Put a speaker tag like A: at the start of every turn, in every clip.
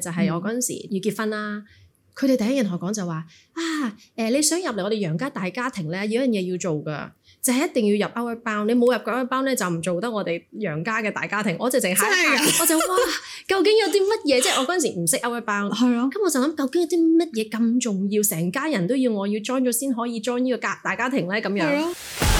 A: 就係我嗰陣時要結婚啦，佢哋、嗯、第一人同我講就話啊，誒、呃，你想入嚟我哋楊家大家庭咧，有樣嘢要做噶，就係、是、一定要入 Outward Bound，你冇入 Outward Bound 咧，就唔做得我哋楊家嘅大家庭。我就淨係， 我就話、啊，究竟有啲乜嘢？即係 我嗰陣時唔識 Outward Bound，係咯，咁我就諗究竟有啲乜嘢咁重要，成家人都要我要 join 咗先可以 join 呢個家大家庭咧？咁樣。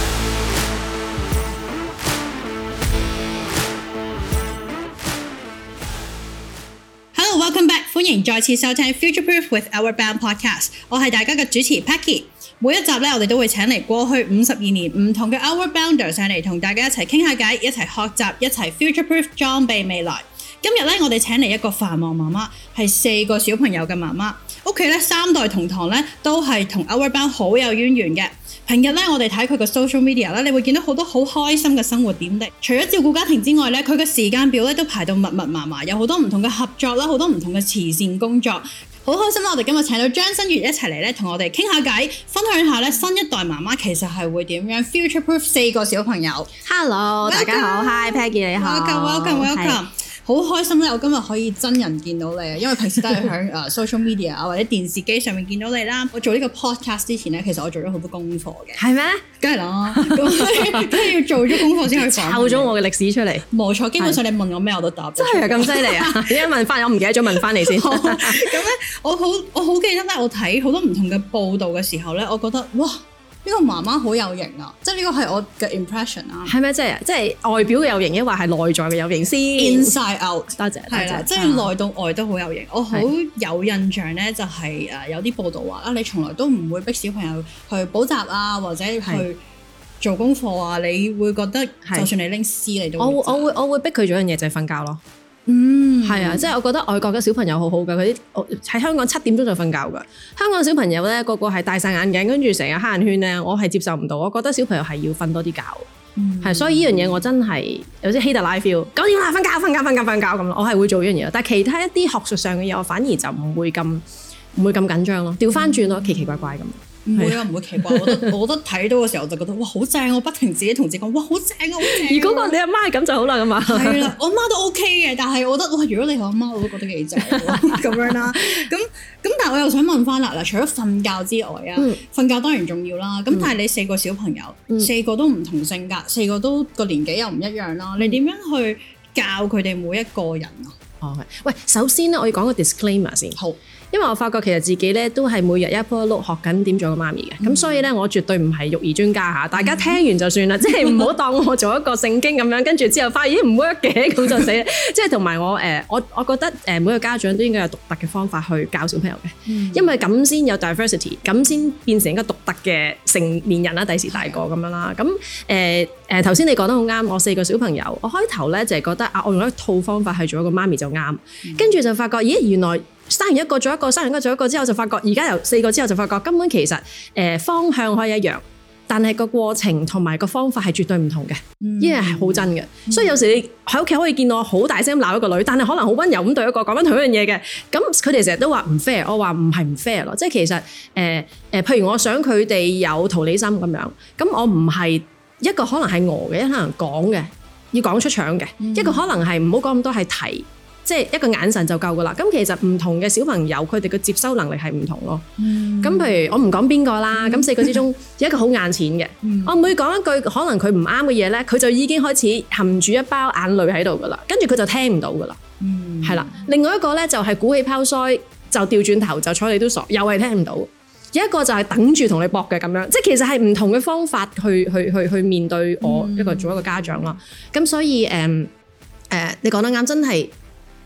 B: 歡迎再次收聽 Future Proof with Our Bound Podcast，我係大家嘅主持 Packy。每一集咧，我哋都會請嚟過去五十二年唔同嘅 Our Bounder 上嚟，同大家一齊傾下偈，一齊學習，一齊 Future Proof 裝備未來。今日咧，我哋請嚟一個繁忙媽媽，係四個小朋友嘅媽媽。屋企咧，三代同堂咧，都係同 Albert 好有淵源嘅。平日咧，我哋睇佢嘅 social media 啦，你會見到好多好開心嘅生活點滴。除咗照顧家庭之外咧，佢嘅時間表咧都排到密密麻麻，有好多唔同嘅合作啦，好多唔同嘅慈善工作。好開心啦！我哋今日請到張新月一齊嚟咧，同我哋傾下偈，分享下咧新一代媽媽其實係會點樣 Future Proof 四個小朋友。
A: Hello，Welcome. 大家好，Hi Peggy 你好，Welcome，Welcome，Welcome。Welcome, welcome, welcome, welcome.
B: 好開心咧！我今日可以真人見到你啊，因為平時都係喺誒 social media 啊或者電視機上面見到你啦。 我做呢個 podcast 之前咧，其實我做咗好多功課嘅。係咩嗎？梗係啦，咁都 要做咗功課先去抽咗我嘅歷史出嚟。冇錯，基本上你問我咩我都答。 真係啊，咁犀利啊！你一 問翻，我唔記得咗問翻你先。咁 咧， 我好我好記得咧，我睇好多唔同嘅報道嘅時候咧，我覺得哇！呢個媽媽好有型啊！即係呢個係我嘅 impression 啊，係
A: 咩？即係即係外表嘅有型，抑或係內在嘅有型先？Inside
B: out，多謝，係啦，即係內到外都好有型。我好有印象咧，就係誒有啲報道話啊，你從來都唔會逼小朋友去補習啊，或者去做功課啊，的你會覺得就算你拎書嚟都會我我，我會我會逼佢做樣嘢就係瞓覺咯。嗯，係啊，嗯、即係我覺得外國嘅小朋
A: 友好好㗎，佢啲喺香港七點鐘就瞓覺㗎。香港小朋友咧，個個係戴晒眼鏡，跟住成日黑眼圈咧，我係接受唔到。我覺得小朋友係要瞓多啲覺，嗯、
B: 覺，係
A: 所以呢樣嘢我真係有啲希特拉 feel。九點啦，瞓覺，瞓覺，瞓覺，瞓覺咁咯。我係會做呢樣嘢，但係其他一啲學術上嘅嘢，我反而就唔會咁唔會咁緊張咯。調翻轉咯，嗯、奇奇怪怪咁。唔會啊，
B: 唔會奇怪。我覺得我覺得睇到嘅時候，我就覺得哇，好正，我不停自己同自己講，哇好正啊！如果個你阿媽係咁就好啦，咁啊。係啦，我媽都 OK 嘅，但係我覺得哇，如果你係我媽，我都覺得幾正咁樣啦。咁咁，但係我又想問翻啦，嗱，除咗瞓覺之外啊，嗯、瞓覺當然重要啦。咁但係你四個小朋友，嗯、四個都唔同性格，四個都個年紀又唔一樣啦。嗯、你點樣去教佢哋每一個人啊？哦，喂，首先咧，我要講
A: 個 disclaimer 先。好。因為我發覺其實自己咧都係每日一鋪一碌學緊點做個媽咪嘅，咁、嗯、所以咧我絕對唔係育兒專家嚇。大家聽完就算啦，嗯、即係唔好當我做一個聖經咁樣，跟住之後發現唔 work 嘅，咁、欸、就死啦。即係同埋我誒，我我覺得誒每個家長都應該有獨特嘅方法去教小朋友嘅，嗯、因為咁先有 diversity，咁先變成一個獨特嘅成年人啦。第時大個咁樣啦，咁誒誒頭先你講得好啱，我四個小朋友，我開頭咧就係覺得啊，我用一套方法去做一個媽咪就啱，嗯、跟住就發覺咦，原來。原來生完一個做一個，生完一個做一個之後就發覺，而家由四個之後就發覺，根本其實誒、呃、方向可以一樣，但係個過程同埋個方法係絕對唔同嘅，依樣係好真嘅。Mm hmm. 所以有時你喺屋企可以見到好大聲鬧一個女，但係可能好溫柔咁對一個講緊同一樣嘢嘅。咁佢哋成日都話唔 fair，我話唔係唔 fair 咯。即係其實誒誒、呃，譬如我想佢哋有同理心咁樣，咁我唔係一個可能係我嘅，一可能講嘅要講出場嘅，一個可能係唔好講咁多係提。即係一個眼神就夠噶啦。咁其實唔同嘅小朋友，佢哋嘅接收能力係唔同咯。咁、嗯、譬如我唔講邊個啦，咁四個之中有一個好眼淺嘅。嗯、我每講一句可能佢唔啱嘅嘢咧，佢就已經開始含住一包眼淚喺度噶啦。跟住佢就聽唔到噶啦。係啦、嗯，另外一個咧就係鼓起拋腮，就掉轉頭就睬你都傻，又係聽唔到。有一個就係等住同你搏嘅咁樣，即係其實係唔同嘅方法去去去去面對我、嗯、一個做一個家長啦。咁所以誒誒、嗯嗯，你講得啱，真係。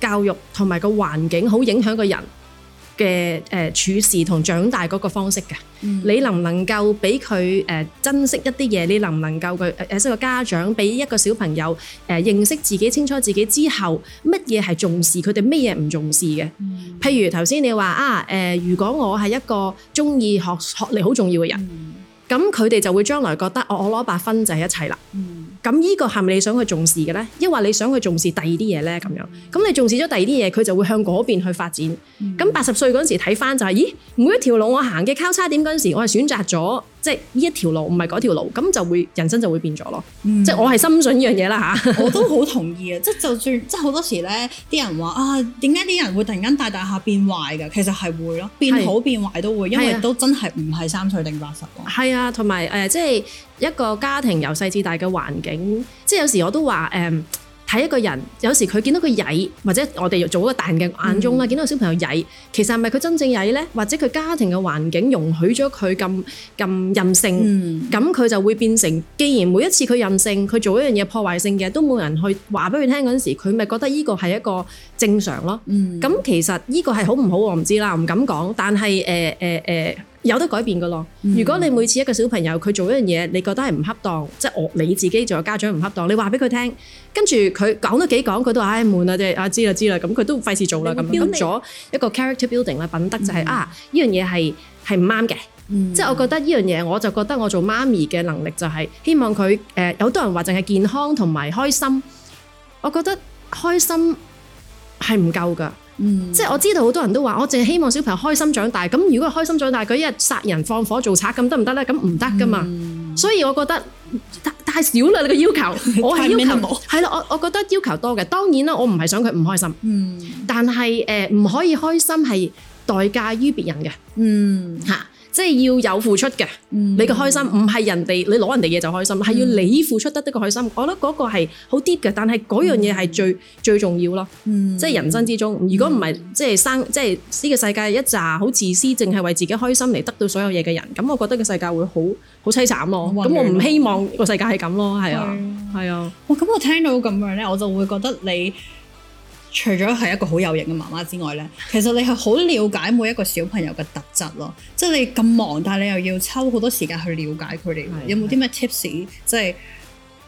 A: 教育同埋個環境好影響個人嘅誒、呃、處事同長大嗰個方式嘅、嗯呃，你能唔能夠俾佢誒珍惜一啲嘢？你能唔能夠佢誒作為家長俾一個小朋友誒、呃、認識自己清楚自己之後，乜嘢係重視佢哋，乜嘢唔重視嘅？嗯、譬如頭先你話啊誒、呃，如果我係一個鍾意學學歷好重要嘅人，咁佢哋就會將來覺得我我攞八分就係一切啦。嗯。咁呢個係咪你想去重視嘅咧？抑或你想去重視第二啲嘢咧？咁樣，咁你重視咗第二啲嘢，佢就會向嗰邊去發展。咁八十歲嗰陣時睇翻就係，咦？每一條路我行嘅交叉點嗰陣時，我係選擇咗即係呢一條路，唔係嗰條路，咁就會人生就會變咗咯。即係我係深信呢樣嘢啦吓，我
B: 都好同意啊！即係就算即係好多時咧，啲人話啊，點解啲人會突然間大大下變壞㗎？其實係會咯，變好變壞都會，因為都真係唔係三歲定八十咯。
A: 係啊，同埋誒即係。一個家庭由細至大嘅環境，即係有時我都話誒，睇、嗯、一個人，有時佢見到佢曳，或者我哋做一個大人嘅眼中啦，嗯、見到個小朋友曳，其實係咪佢真正曳咧？或者佢家庭嘅環境容許咗佢咁咁任性，咁佢、嗯、就會變成，既然每一次佢任性，佢做一樣嘢破壞性嘅，都冇人去話俾佢聽嗰陣時，佢咪覺得呢個係一個正常咯。咁、嗯嗯、其實呢個係好唔好我唔知啦，唔敢講。但係誒誒誒。呃呃呃呃有得改變噶咯。如果你每次一個小朋友佢做一樣嘢，你覺得係唔恰當，即係我你自己做家長唔恰當，你話俾佢聽，跟住佢講都幾講，佢都話唉，悶啦，即係啊，知啦、啊、知啦，咁佢都費事做啦咁。咁咗一個 character building 啦，品德就係、是嗯、啊，呢樣嘢係係唔啱嘅。嗯、即係我覺得呢樣嘢，我就覺得我做媽咪嘅能力就係、是、希望佢誒、呃，有多人話淨係健康同埋開心，我覺得開心係唔夠噶。即係我知道好多人都話，我淨係希望小朋友開心長大。咁如果開心長大，佢一日殺人放火做賊咁得唔得咧？咁唔得㗎嘛。所以我覺得太太少啦你個要求，我係要求係啦。我我覺得要求多嘅，當然啦，我唔係想佢唔開心。嗯，但係誒唔可以開心係代價於別人嘅。嗯，嚇。即係要有付出嘅、嗯，你個開心唔係人哋你攞人哋嘢就開心，係、嗯、要你付出得到個開心。我覺得嗰個係好 deep 嘅，但係嗰樣嘢係最、嗯、最重要咯。嗯、即係人生之中，如果唔係即係生即係呢個世界一紮好自私，淨係為自己開心嚟得到所有嘢嘅人，咁我覺得個世界會好好凄慘
B: 咯。咁哇我唔希望個世界係咁
A: 咯，係啊，係啊。
B: 哇、啊！咁、啊哦、我聽到咁樣咧，我就會覺得你。除咗係一個好有型嘅媽媽之外呢，其實你係好了解每一個小朋友嘅特質咯。即係你咁忙，但係你又要抽好多時間去了解佢哋，的有冇啲咩 tips？即係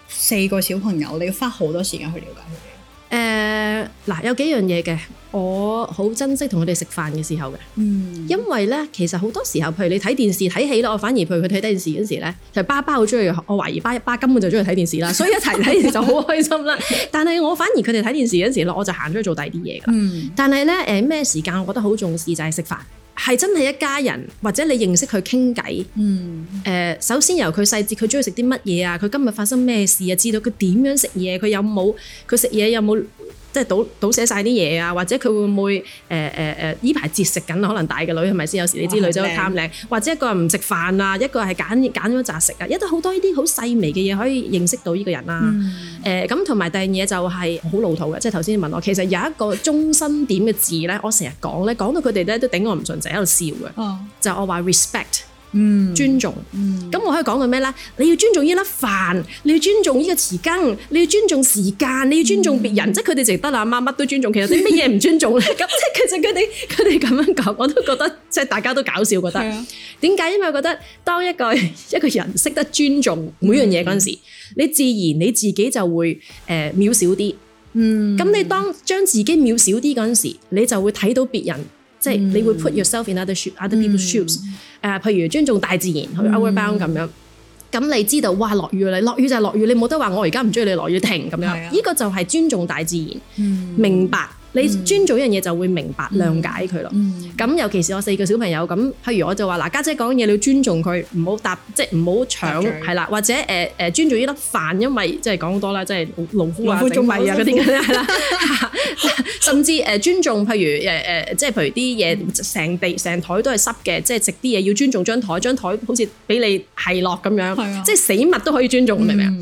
B: 四個小朋友，你要花好多時間去了解。
A: 誒嗱、呃、有幾樣嘢嘅，我好珍惜同佢哋食飯嘅時候嘅，嗯、因為咧其實好多時候，譬如你睇電視睇戲咯，我反而譬如佢睇電視嗰時咧，就係、爸爸好中意，我懷疑爸爸根本就中意睇電視啦，所以一齊睇電視就好開心啦。 但係我反而佢哋睇電視嗰時咧，我就行咗去做第二啲嘢噶。嗯、但係咧誒咩時間，我覺得好重視就係食飯。係真係一家人，或者你認識佢傾
B: 偈。
A: 誒、嗯呃，首先由佢細節，佢鍾意食啲乜嘢啊？佢今日發生咩事啊？知道佢點樣食嘢，佢有冇佢食嘢有冇？即係倒倒寫晒啲嘢啊，或者佢會唔會誒誒誒呢排節食緊可能大個女係咪先？有時你知女仔會貪靚，或者一個唔食飯啊，一個係揀揀咗扎食啊，一得好多呢啲好細微嘅嘢可以認識到呢個人啊。誒咁同埋第二嘢就係好老土嘅，即係頭先你問我，其實有一個中心點嘅字咧，我成日講咧，講到佢哋咧都頂我唔順，就喺度笑嘅。哦，就我話 respect。嗯，尊重。嗯，咁、嗯、我可以講佢咩咧？你要尊重呢粒飯，你要尊重呢個匙羹，你要尊重時間，你要尊重別人，嗯、即係佢哋值得啦。阿媽乜都尊重，其實你乜嘢唔尊重咧？咁 即係其實佢哋佢哋咁樣講，我都覺得即係大家都搞笑，覺得點解、啊？因為我覺得當一個一個人識得尊重每樣嘢嗰陣時，嗯、你自然你自己就會誒渺、呃、小啲。
B: 嗯，咁、嗯、
A: 你當將自己渺少啲嗰陣時，你就會睇到別人。即係你會 put yourself in other people's shoes、嗯。譬如尊重大自然，去 overbound 咁樣。咁、嗯、你知道，哇，落雨喇，落雨就落雨，你冇得話，我而家唔中意你落雨停咁樣。呢、呢個就係尊重大自然，嗯、明白。你尊重一樣嘢就會明白、諒解佢咯。咁尤其是我四個小朋友，咁譬如我就話嗱，家姐講嘢你要尊重佢，唔好搭，即係唔好搶，係啦。或者誒誒尊重呢粒飯，因為即係講多啦，即係農夫種米啊啲咁啦，係啦。甚至誒尊重，譬如誒誒，即係譬如啲嘢成地成台都係濕嘅，即係食啲嘢要尊重張台，張台好似俾你係落咁樣，即係死物都可以尊重，明唔明啊？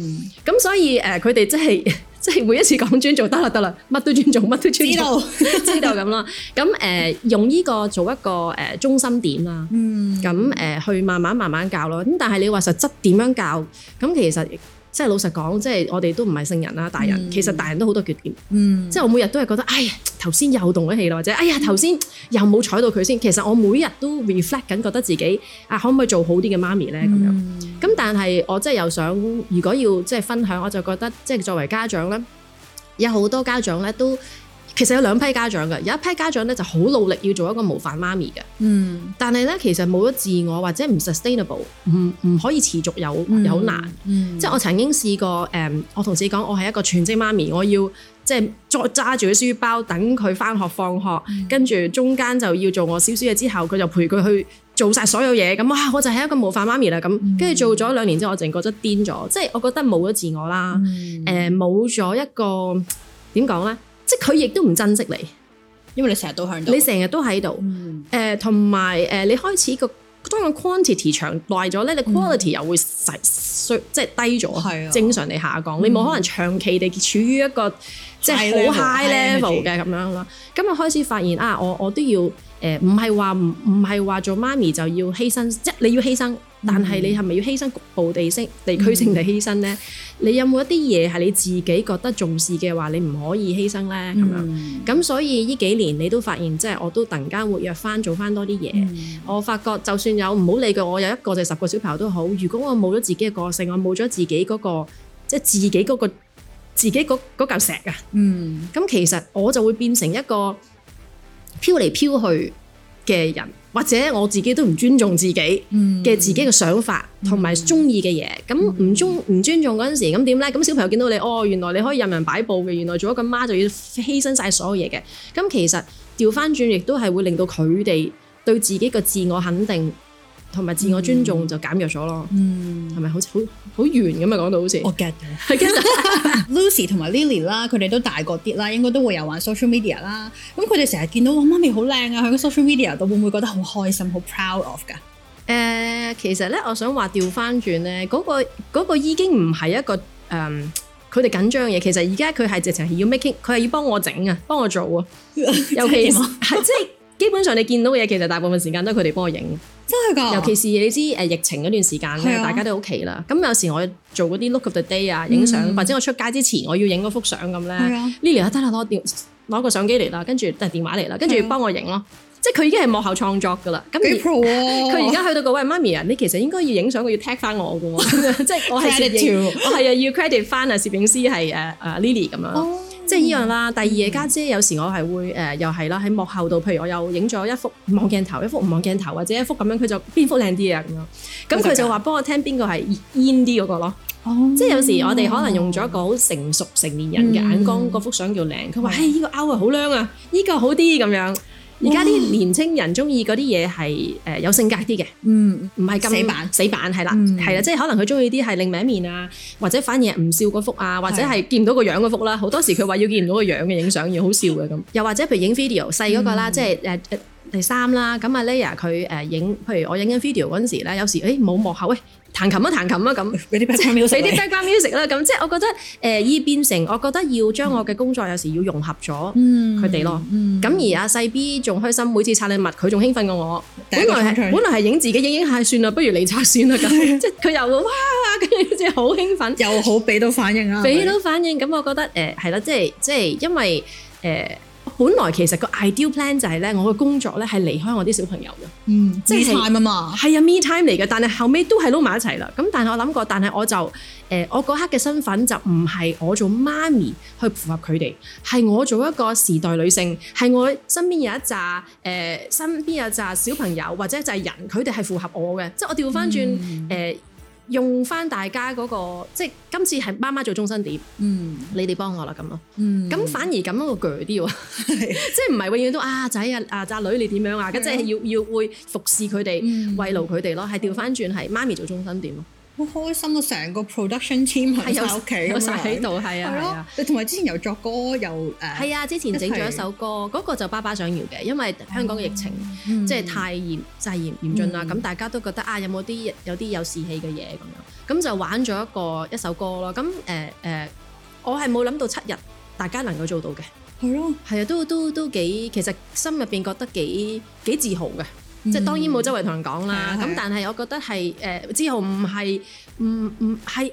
A: 咁所以誒，佢哋即係。即係每一次講尊做，得啦，得啦，乜都尊做，乜都尊做，做知道， 知道咁啦。咁誒、呃、用呢個做一個誒中心點啦。嗯。咁誒、呃、去慢慢慢慢教咯。咁但係你話實質點樣教？咁其實。即係老實講，即係我哋都唔係聖人啦，大人、嗯、其實大人都好多缺點。嗯、即係我每日都係覺得，哎呀，頭先又動咗氣啦，或者，哎呀，頭先又冇睬到佢先。其實我每日都 reflect 緊，覺得自己啊，可唔可以做好啲嘅媽咪咧？咁樣咁，嗯、但係我即係又想，如果要即係分享，我就覺得即係作為家長咧，有好多家長咧都。其實有兩批家長嘅，有一批家長咧就好努力要做一個模範媽咪嘅。嗯，但係咧其實冇咗自我或者唔 sustainable，唔唔、嗯、可以持續有有難。嗯嗯、即係我曾經試過誒、嗯，我同事講我係一個全職媽咪，我要即係再揸住個書包等佢翻學放學，跟住、嗯、中間就要做我少少嘢，之後佢就陪佢去做晒所有嘢，咁哇我就係一個模範媽咪啦。咁跟住做咗兩年之後，我淨覺得癲咗，即係我覺得冇咗自我啦。誒、嗯，冇咗、呃、一個點講咧？即佢亦都唔珍惜你，因為你成日都喺度，你成日都喺度。誒、嗯，同埋誒，你開始個當個 quantity 長耐咗咧，嗯、你 quality 又會細即係低咗，係啊、嗯，正常地下降。你冇可能長期地處於一個、嗯、即係好 high level 嘅咁樣啦。咁就 high level 開始發現啊，我我都要。誒唔係話唔唔係話做媽咪就要犧牲，即係你要犧牲，嗯、但係你係咪要犧牲局部地性地區性地犧牲咧？嗯、你有冇一啲嘢係你自己覺得重視嘅話，你唔可以犧牲咧？咁、嗯、樣咁，所以呢幾年你都發現，即係我都突然間活躍翻，做翻多啲嘢。嗯、我發覺就算有唔好理佢，我有一個就十個小朋友都好。如果我冇咗自己嘅個性，我冇咗自己嗰、嗰個即係自己嗰、嗰個自己嗰、嗰、嚿、個、石啊。嗯，咁、嗯、其實我就會變成一個。飄嚟飄去嘅人，或者我自己都唔尊重自己嘅自己嘅想法，同埋中意嘅嘢。咁唔中唔尊重嗰陣時，咁點咧？咁小朋友見到你，哦，原來你可以任人擺布嘅，原來做一個媽就要犧牲晒所有嘢嘅。咁其實調翻轉，亦都係會令到佢哋對自己嘅自我肯定。同埋自我尊重就減弱咗咯，嗯，係咪
B: 好似好好圓咁啊？講到好似，我 get 到。跟 Lucy 同埋 Lily 啦，佢哋都大個啲啦，應該都會有玩 social media 啦。咁佢哋成日見到我媽咪好靚啊，喺個 social media 度會唔會覺得好開心、好 proud of 㗎？誒，其實咧，我想話調翻轉咧，嗰、
A: 那個那個已經唔係一個誒，佢、呃、哋緊張嘢。其實而家佢係直情係要 m a k e 佢係要幫我整啊，幫我做啊。 尤其係即係基本上你見到嘅嘢，其實大部分時間都係佢哋幫我影。真係噶，尤其是你知誒疫情嗰段時間咧，大家都好奇啦。咁是、啊、有時我做嗰啲 look of the day 啊，影相，或者我出街之前我要影嗰幅相咁咧，Lily 啊得啦，攞電攞個相機嚟啦，跟住得電話嚟啦，跟住幫我影咯。是啊、即係佢已經係幕後創作噶啦。幾 pro 啊，佢而家去到嗰位媽咪啊，你其實應該要影相，佢要 tag 翻我噶喎。 即係我係攝影，我係啊要 credit 翻啊攝影師係誒誒 Lily 咁樣。哦即係依樣啦。嗯、第二嘅家姐，姐，有時我係會、呃、又係啦，喺幕後度，譬如我又影咗一幅望鏡頭，一幅唔望鏡頭，或者一幅咁樣，佢就邊幅靚啲啊？咁樣，
B: 咁佢就話
A: 幫我聽邊個係 in 啲嗰個咯。哦，即係有時我哋可能用咗一個好成熟成年人嘅眼光，嗰幅相叫靚。佢話，嘿、嗯，依、欸呢個 out 啊，好靚啊，呢個好啲咁樣。而家啲年青人鍾意嗰啲嘢係誒有性格啲嘅，
B: 嗯，唔係咁死板
A: 死板係啦，係啦、嗯，即係可能佢鍾意啲係另一面啊，或者反而係唔笑嗰幅啊，或者係見唔到個樣嗰幅啦。好的多時佢話要見唔到個樣嘅影相，要 好笑嘅咁。又或者譬如影 video 細嗰，嗰個啦，嗯、即係誒。Uh, uh, 第三啦，咁阿 Lea 佢誒影，譬如我影緊 video 嗰陣時咧，有時誒冇、欸、幕後，誒彈琴啊彈琴啊
B: 咁。俾啲 background、
A: er、music 啦，咁即係我覺得誒依、呃、變成，我覺得要將我嘅工作有時要融合咗佢哋咯。咁、嗯嗯、而阿細 B 仲開心，每次拆禮物佢仲興奮過我。第一個興趣，本來本來係影自己影影下算啦，不如你拆算啦咁。即係佢又哇哇跟住好似好興奮，又好俾到反應啦，俾到反應。咁 我覺得誒係啦，即係即係因為誒。即本來其實個 ideal plan 就係咧，我嘅工作咧係離開我啲小朋友嘅，嗯
B: 即係，me time 啊嘛
A: 是，係啊，me time 嚟嘅，但係後尾都係撈埋一齊啦。咁但係我諗過，但係我就誒、呃，我嗰刻嘅身份就唔係我做媽咪去符合佢哋，係我做一個時代女性，係我身邊有一紮誒、呃，身邊有紮小朋友或者就係人，佢哋係符合我嘅，即係我調翻轉誒。嗯呃用翻大家嗰、那個，即係今次係媽媽做中心點，嗯是，你哋幫我啦咁咯，嗯，咁反而咁樣個攰啲喎，即係唔係永遠都啊仔啊啊仔女你點樣啊，啊樣即係要要會服侍佢哋、嗯、慰勞佢哋咯，係調翻轉係媽咪做中心點咯。
B: 好開心啊！成個 production team 喺曬屋企咁晒喺度係啊，係啊，你同埋之前又作歌又誒，係啊，之前整咗一首歌，嗰、啊、個就巴巴想要嘅，因為香港嘅疫情、嗯、
A: 即係太嚴，真係嚴嚴峻啦。咁、嗯、大家都覺得啊，有冇啲有啲有，有士氣嘅嘢咁樣？咁就玩咗一個一首歌咯。咁誒誒，我係冇諗到七日大家能夠做到嘅，係咯、啊，係啊，都都都幾，其實心入邊覺得幾幾自豪嘅。即係當然冇周圍同人講啦，咁但係我覺得係誒之後唔係唔唔係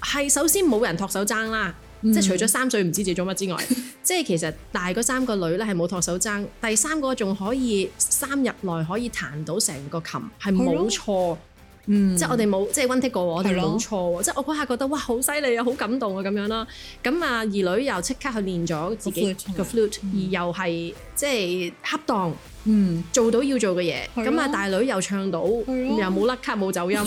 A: 係首先冇人托手踭啦，即係除咗三歲唔知自己做乜之外，即係其實大嗰三個女咧係冇托手踭，第三個仲可以三日內可以彈到成個琴，係冇錯，
B: 即係我哋
A: 冇即係溫過我哋冇錯，即係我嗰刻覺得哇好犀利啊，好感動啊咁樣啦，咁啊兒女又即刻去練咗自己個 flute，而又係即係恰當。嗯，做到要做嘅嘢，咁啊大女又唱到，又冇甩卡冇走音，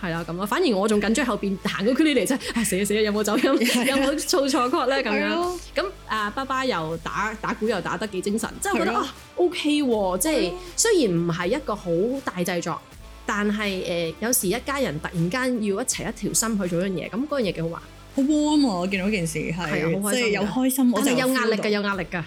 A: 係啦咁啊。反而我仲緊張後邊行個圈嚟，真死啊死啊，有冇走音？有冇做錯曲咧？咁樣咁啊，爸爸又打打鼓又打得幾精神，即係我覺得啊 OK 喎，即係雖然唔係一個好大製作，但係誒有時一家人突然間要一齊一
B: 條心去做一樣嘢，咁嗰樣嘢幾好玩，好 warm 我見到件事係即啊，好開心，但係有壓力嘅，有壓力嘅。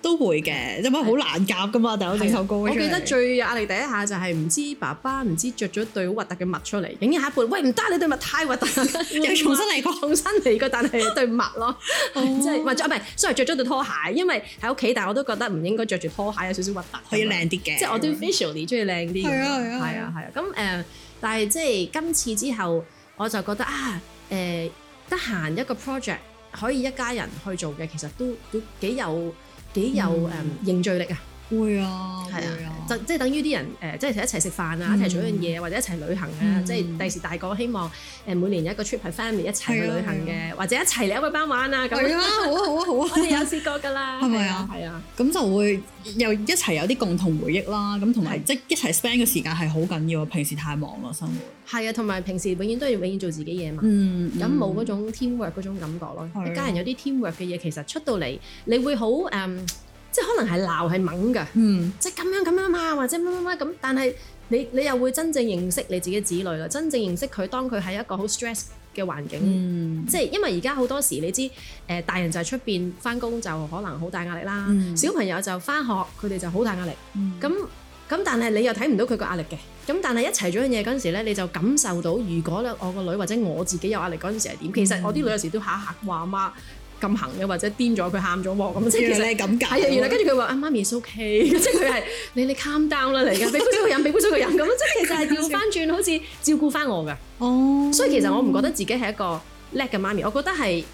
B: 都會嘅，因為好難夾㗎嘛，但我整首歌、啊。我記得最
A: 有壓力第一下就係唔知爸爸唔知着咗對好核突嘅襪出嚟，影影下半，喂唔得，你對襪太核突，要、嗯、重新嚟過，啊、重新嚟過，但係對襪咯，哦、即係襪著啊，唔係，雖然着咗對拖鞋，因為喺屋企，但係我都覺得唔應該着住拖鞋有少少核突，可以靚啲嘅。即係我都 fashion 中意靚啲嘅，係啊係啊，係啊咁誒，但係即係今次之後，我就覺得啊，誒、呃、得閒一個 project 可以一家人去做嘅，其實都都，都幾有。幾有誒、嗯 um, 凝聚力啊！
B: 會啊，係
A: 啊，就即係等於啲人誒，即係一齊食飯啊，一齊做一樣嘢，或者一齊旅行啊。即係第時大個希望誒每年有一個 trip 係 family 一齊去旅行嘅，或者一齊嚟一個班玩啊，咁樣好好好，我哋有
B: 試過㗎啦，係咪啊？係啊，咁就會又一齊有啲共同回憶啦，咁同埋即係一齊 spend 嘅時間係好緊要啊，平時太忙啦，生
A: 活，係啊，同埋平時永遠都係永遠做自己嘢嘛，嗯，咁冇嗰種 teamwork 嗰種感覺咯，一家人有啲 teamwork
B: 嘅嘢其實出到
A: 嚟你會好誒。即係可能係鬧係掹㗎，嗯，即係咁樣咁樣啊，或者乜乜乜咁。但係你你又會真正認識你自己子女啦，真正認識佢。當佢係一個好 stress 嘅環境，即係因為而家好多時你知，誒大人就喺出邊返工就可能好大壓力啦，小朋友就返學佢哋就好大壓力。咁咁但係你又睇唔到佢個壓力嘅。咁但係一齊咗樣嘢嗰陣時咧，你就感受到如果咧我個女或者我自己有壓力嗰陣時係點。其實我啲女有時都下下嚇話阿媽。咁行嘅或者癲咗佢喊咗喎咁即係其實係咁解嘅，原來跟住佢話啊媽咪係 okay 即係佢係你你 calm down 啦嚟嘅，畀杯水佢飲，畀杯水佢飲咁咯，即係 其實係調翻轉好似照顧翻我嘅，oh. 所以其實我唔覺得自己係一個叻嘅媽咪，我覺得係。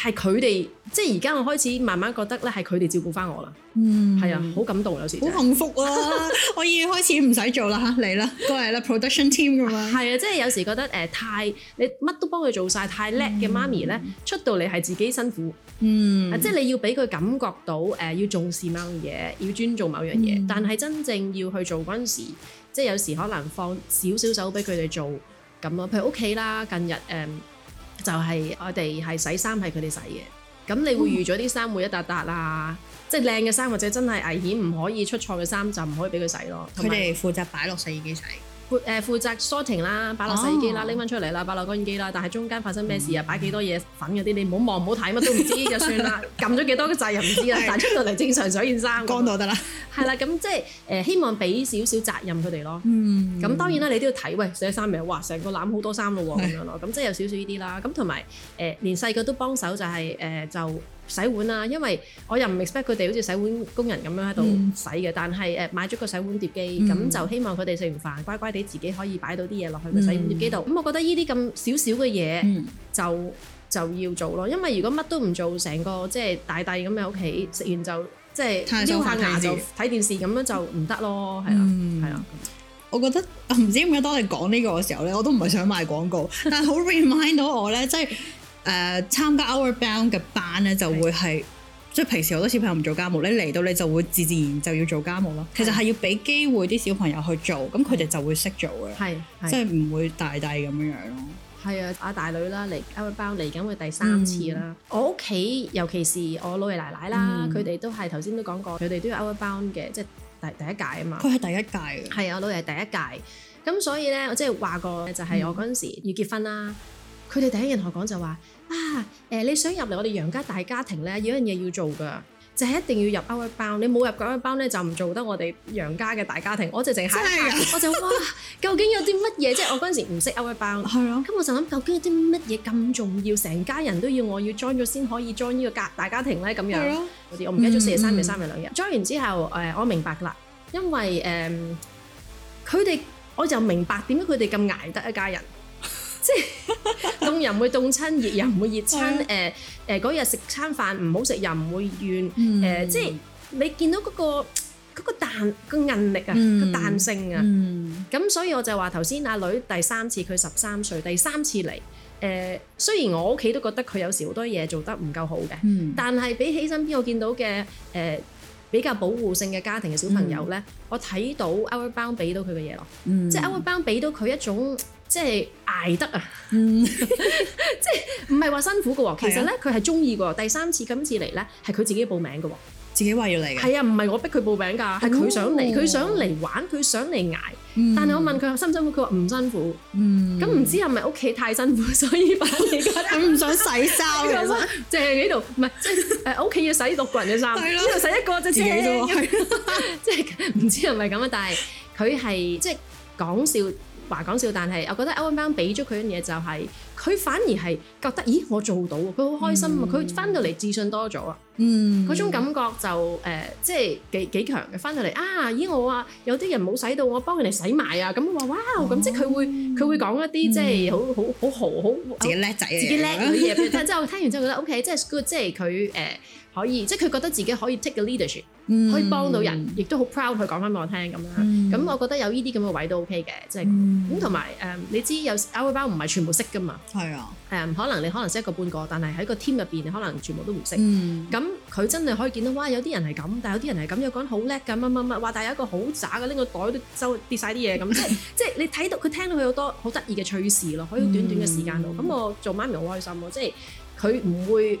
A: 係佢哋，即係而家我開始慢慢覺得咧，係佢哋照顧翻我啦。嗯，
B: 係啊，好
A: 感動有、啊、時。好幸福啊！ 我已經開始唔使做啦，你啦，過嚟啦，production team 㗎嘛。係啊，即係有時覺得誒太，你乜都幫佢做晒，太叻嘅媽咪咧，出到嚟係自己辛苦。
B: 嗯。啊、即係你
A: 要俾佢感覺到誒，要重視某樣嘢，要尊重某樣嘢，嗯、但係真正要去做嗰陣時，即係有時可能放少少手俾佢哋做咁啊，譬如屋企啦，近日誒。嗯嗯。就係我哋係洗衫係佢哋洗嘅，咁你會預咗啲衫會一笪笪啊，嗯、即係靚嘅衫或者真係危險唔可以出錯嘅衫就唔可以俾佢洗咯。佢哋負
B: 責擺落洗衣機洗。
A: 誒負責 sorting 啦，擺落洗衣機啦，拎翻出嚟啦，擺落乾衣機啦，但係中間發生咩事啊，擺幾多嘢粉嗰啲，你唔好望，唔好睇乜都唔知就 算啦，撳咗幾多個掣又唔知啦，但出到嚟正常洗件衫乾咗得啦。係啦，咁 即係誒、呃、希望俾少少責任佢哋咯。嗯，
B: 咁當
A: 然啦，你都要睇喂，洗咗衫未，哇，成個攬好多衫咯喎，咁樣咯，咁即係有少少呢啲啦。咁同埋誒連細個都幫手就係、是、誒、呃、就。洗碗啦、啊，因為我又唔 expect 佢哋好似洗碗工人咁樣喺度洗嘅，嗯、但係誒買咗個洗碗碟機，咁、嗯、就希望佢哋食完飯乖乖哋自己可以擺到啲嘢落去個洗碗碟機度。咁、嗯、我覺得呢啲咁少少嘅嘢就、嗯、就要做咯，因為如果乜都唔做，成個即係大大咁喺屋企食完就即係撈下牙就睇電視咁、嗯、樣就唔得咯，係啊，
B: 係、嗯、啊。我覺得唔知點解當你講呢個嘅時候咧，我都唔係想賣廣告，但係好 remind 到我咧，即係。誒、呃、參加 Outward Bound 嘅班咧，就會係的即係平時好多小朋友唔做家務，你嚟到你就會自自然就要做家務咯。的其實係要俾機會啲小朋友去做，咁佢哋就會識做嘅，的即係唔會大帝咁樣樣咯。
A: 係啊，阿大女啦，嚟 Outward Bound 嚟緊嘅第三次啦。嗯、我屋企尤其是我老爺奶奶啦，佢哋、嗯、都係頭先都講過，佢哋都有 Outward Bound 嘅，即係第第一屆啊嘛。佢係第一屆嘅，係啊，我老爺係第一屆。咁所以咧，即係話過就係我嗰陣時要結婚啦，佢哋第一日同我講就話。啊！誒，你想入嚟我哋楊家大家庭咧，有一樣嘢要做㗎，就係一定要入 Outward Bound。你冇入 Outward Bound 咧，就唔做得我哋楊家嘅大家庭。我就淨係，我就哇，究竟有啲乜嘢？即係我嗰陣時唔識 Outward Bound，係咯。咁我就諗，究竟有啲乜嘢咁重要？成家人都要我要 join 咗先可以 join 呢個家大家庭咧？咁樣嗰啲，我唔記得咗四日三日三日兩日。join 完之後，誒，我明白啦，因為誒，佢哋，我就明白點解佢哋咁捱得一家人。即係凍又唔會凍親，熱又唔會熱親。誒誒，嗰日食餐飯唔好食又唔會怨。誒，即係你見到嗰個嗰個彈個韌力啊，個彈性啊。咁所以我就話頭先，阿女第三次佢十三歲，第三次嚟。誒，雖然我屋企都覺得佢有時好多嘢做得唔夠好嘅，但係比起身邊我見到嘅誒比較保護性嘅家庭嘅小朋友咧，我睇到 Outward Bound 俾到佢嘅嘢咯。即係 Outward Bound 俾到佢一種。即係捱得啊！即係唔係話辛苦嘅喎？其實咧，佢係中意嘅喎。第三次今次嚟咧，係佢自己報名嘅喎，自己話要嚟嘅。係啊，唔係我逼佢報名㗎，係佢想嚟，佢想嚟玩，佢想嚟捱。但係我問佢辛唔辛苦，佢話唔辛苦。咁唔知係咪屋企太辛苦，所以反而咁唔想洗衫啊？即係呢度唔係誒屋企要洗六個人嘅衫，呢度洗一個就自己喎。即係唔知係咪咁啊？但係佢係即係講笑。話講笑，但係我覺得歐文邦俾咗佢一樣嘢就係，佢反而係覺得，咦，我做到，佢好開心，佢翻、嗯、到嚟自信多咗啊，
B: 嗰種、嗯、感
A: 覺就誒、呃，即係幾幾強嘅。翻到嚟啊，咦，我啊有啲人冇洗到，我幫人哋洗埋啊，咁我話哇，咁即係佢會佢會講一啲即係好好好豪好自己叻
B: 仔樣自己叻嘅嘢。
A: 即係 我聽完之後覺得 OK，即係 good，即係佢誒。可以，即係佢覺得自己可以 take 個 leadership、
B: 嗯、可以幫到
A: 人，亦都好 proud 去講翻俾我聽咁啦。咁、嗯、我覺得有呢啲咁嘅位都 OK 嘅，即係咁同埋誒，um, 你知有阿威包唔係全部識噶嘛？係啊，誒、um, 可能你可能識一個半個，但係喺個 team 入邊你可能全部都唔識。咁佢、嗯、真係可以見到，哇！有啲人係咁，但係有啲人係咁，有個人好叻咁乜乜乜，哇！但係有一個好渣嘅拎個袋都收跌晒啲嘢咁，即係即係你睇到佢聽到佢好多好得意嘅趣事咯。喺短短嘅時間度，咁、嗯、我做媽咪好開心咯。即係佢唔會。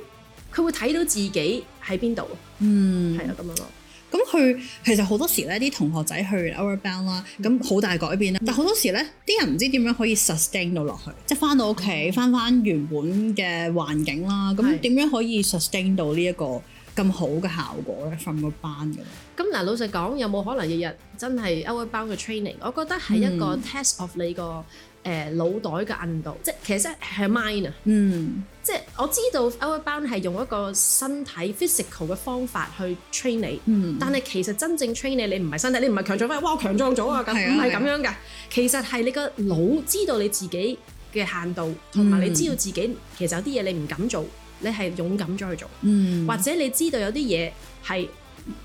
A: 佢會睇到自己喺邊
B: 度，嗯，係啊咁樣咯。咁佢其實好多時咧，啲同學仔去 outbound 啦，咁好、嗯、大改變、嗯、但好多時咧，啲人唔知點樣可以 sustain 到落去，即係翻到屋企，翻翻、嗯、原本嘅環境啦。咁點是樣可以 sustain 到呢一個咁好嘅效果咧？from 個班嘅。
A: 咁嗱、嗯，老實講，有冇可能日日真係 outbound 嘅 training？我覺得係一個 test of 你個、嗯。誒、呃、腦袋嘅硬度，即係其實咧係 mind 啊，嗯，即係我知道 our band 係用一個身體 physical 嘅方法去 train 你，嗯，但係其實真正 train 你，你唔係身體，你唔係強壯翻，嗯、哇我強壯咗啊咁，唔係咁樣嘅，樣嗯、其實係你個腦知道你自己嘅限度，同埋你知道自己、嗯、其實有啲嘢你唔敢做，你係勇敢咗去做，嗯，或者你知道有啲嘢係。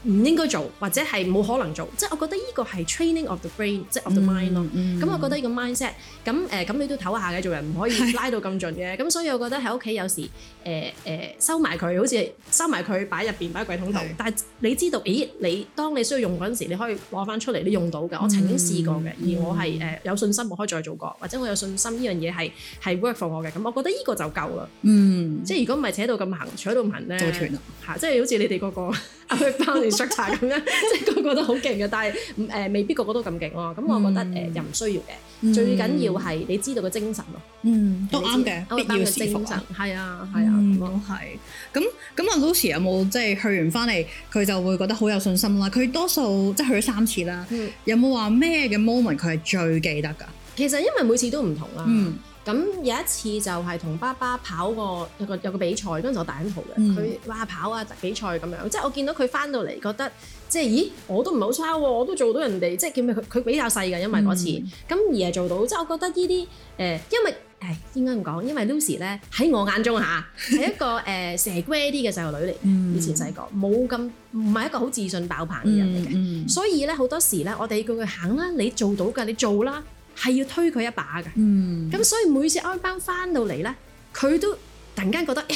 A: 唔應該做，或者係冇可能做，即係我覺得呢個係 training of the brain，嗯、即係 of the mind、嗯、咯。咁、嗯、我覺得呢個 mindset，咁誒咁、呃、你都唞下嘅，做人唔可以拉到咁盡嘅。咁是的所以我覺得喺屋企有時。誒誒收埋佢，好似收埋佢擺入邊，擺喺櫃桶頭。但係你知道，咦？你當你需要用嗰陣時，你可以攞翻出嚟，你用到㗎。我曾經試過嘅，而我係誒有信心，我可以再做過，或者我有信心呢樣嘢係係 work for 我嘅。咁我覺得呢個就夠啦。嗯，即係如果唔係扯到咁恆，扯到唔恆咧，就斷啦。嚇，即係好似你哋個個去返嚟出差咁樣，即係個個都好勁嘅，但係誒未必個個都咁勁咯。咁我覺得誒又唔需要嘅。最緊要係你知道個精神咯，嗯，
B: 都啱嘅，必要嘅精神，係啊，係啊，咁啊係。咁咁阿 Lucy 有冇即係去完翻嚟，佢就會覺得好有信心啦？佢多數即係、就是、去咗三次啦，嗯、有冇話咩嘅 moment 佢係最記得㗎？其實因為每次都唔同啦、啊。嗯
A: 咁有一次就係同爸爸跑過一個有個有個比賽，嗰陣時我大緊肚嘅，佢哇、嗯、跑啊比賽咁樣，即係我見到佢翻到嚟覺得即係咦我都唔係好差喎，我都做到人哋，即係叫咩佢佢比較細㗎，因為嗰次咁、嗯、而係做到，即係我覺得呢啲誒，因為誒應該咁講？因為 Lucy 咧喺我眼中嚇係 一個誒成日 r a 啲嘅細路女嚟，嗯、以前細個冇咁唔係一個好自信爆棚嘅人嚟嘅、嗯嗯嗯，所以咧好多時咧我哋叫佢行啦，你做到㗎，你做啦。係要推佢一把嘅，咁、嗯、所以每次 I 班翻到嚟咧，佢都突然間覺得、欸，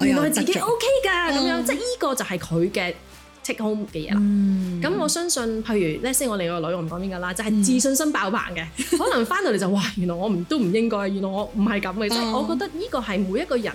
A: 原來自己 OK 㗎，咁、哎、呦樣了即係呢個就係佢嘅 take home 嘅嘢啦。咁、嗯、我相信，譬如咧先，我哋一個女，我唔講邊個啦，就係、是、自信心爆棚嘅，嗯、可能翻到嚟就 哇，原來我唔都唔應該，原來我唔係咁嘅。嗯、我覺得呢個係每一個人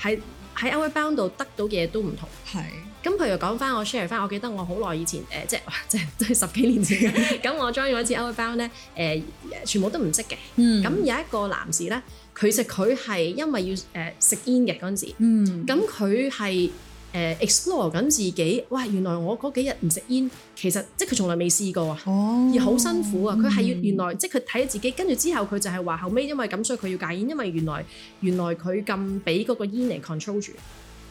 A: 喺喺 I 班度得到嘅嘢都唔同。係。咁譬如講翻我 share 翻，我記得我好耐以前誒，即係即係十幾年前，咁我 join 咗一次 Outbound 咧，誒誒全部都唔識嘅。咁有一個男士咧，佢就佢係因為要誒食煙嘅嗰陣時，咁佢係誒 explore 緊自己，哇！原來我嗰幾日唔食煙，其實即係佢從來未試過啊，而好辛苦啊。佢係要原來即係佢睇自己，跟住之後佢就係話後尾因為咁，所以佢要戒煙，因為原來原來佢咁俾嗰個煙嚟 control 住，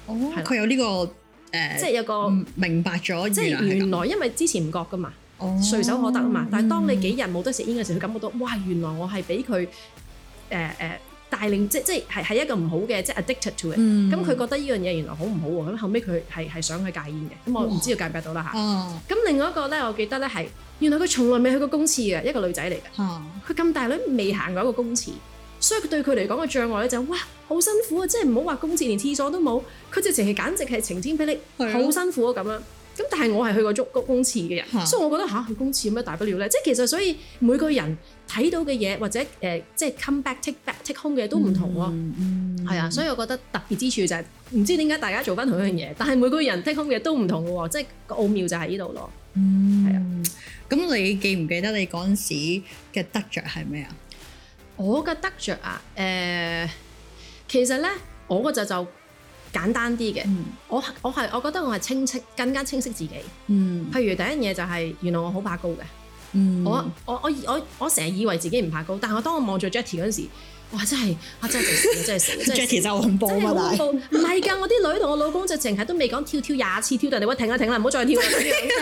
A: 哦，
B: 佢有呢
A: 個。誒，呃、即係有個明白咗，即係原來，因為之前唔覺㗎嘛，哦、隨手可得啊嘛。但係當你幾日冇得食煙嘅時候，佢感覺到，哇！原來我係俾佢誒誒帶領，即即係係一個唔好嘅，即係 addicted to it、嗯。咁佢覺得呢樣嘢原來好唔好喎。咁後尾佢係係想去戒煙嘅，咁我唔知佢戒唔戒到啦嚇。咁、哦、另外一個咧，我記得咧係原來佢從來未去過公廁嘅一個女仔嚟嘅，佢咁、嗯、大女未行過一個公廁。所以佢對佢嚟講嘅障礙咧就係、哇，好辛苦啊！即係唔好話公廁連廁所都冇，佢即係成日簡直係晴天霹靂，好是的 辛苦啊咁樣。咁但係我係去過足公廁嘅人，啊、所以我覺得吓、啊，去公廁有咩大不了咧。即係其實所以每個人睇到嘅嘢或者誒、呃、即係 come back take back take home 嘅嘢都唔同咯、啊，係啊、嗯嗯。所以我覺得特別之處就係、是、唔知點解大家做翻同樣嘢，但係每個人
B: take home 嘅嘢都唔同嘅、啊、喎，即係個奧妙就喺呢度咯。嗯，係啊的。咁你記唔記得你嗰陣時嘅得着係咩啊？我嘅得着啊，誒、呃，
A: 其實咧，我個就就簡單啲嘅，嗯、我我係我覺得我係清晰更加清晰自己，嗯、譬如第一嘢就係、是、原來我好怕高嘅、嗯，我我我我我成日以為自己唔怕高，但我當我望住 jetty 嗰陣時。哇！真係，哇！真係死啦，真係死啦，ett 真係其實好恐怖嘛，好恐怖。唔係㗎，我啲女同我老公就淨係都未講跳跳廿次跳，到你我話停一停啦，唔好再跳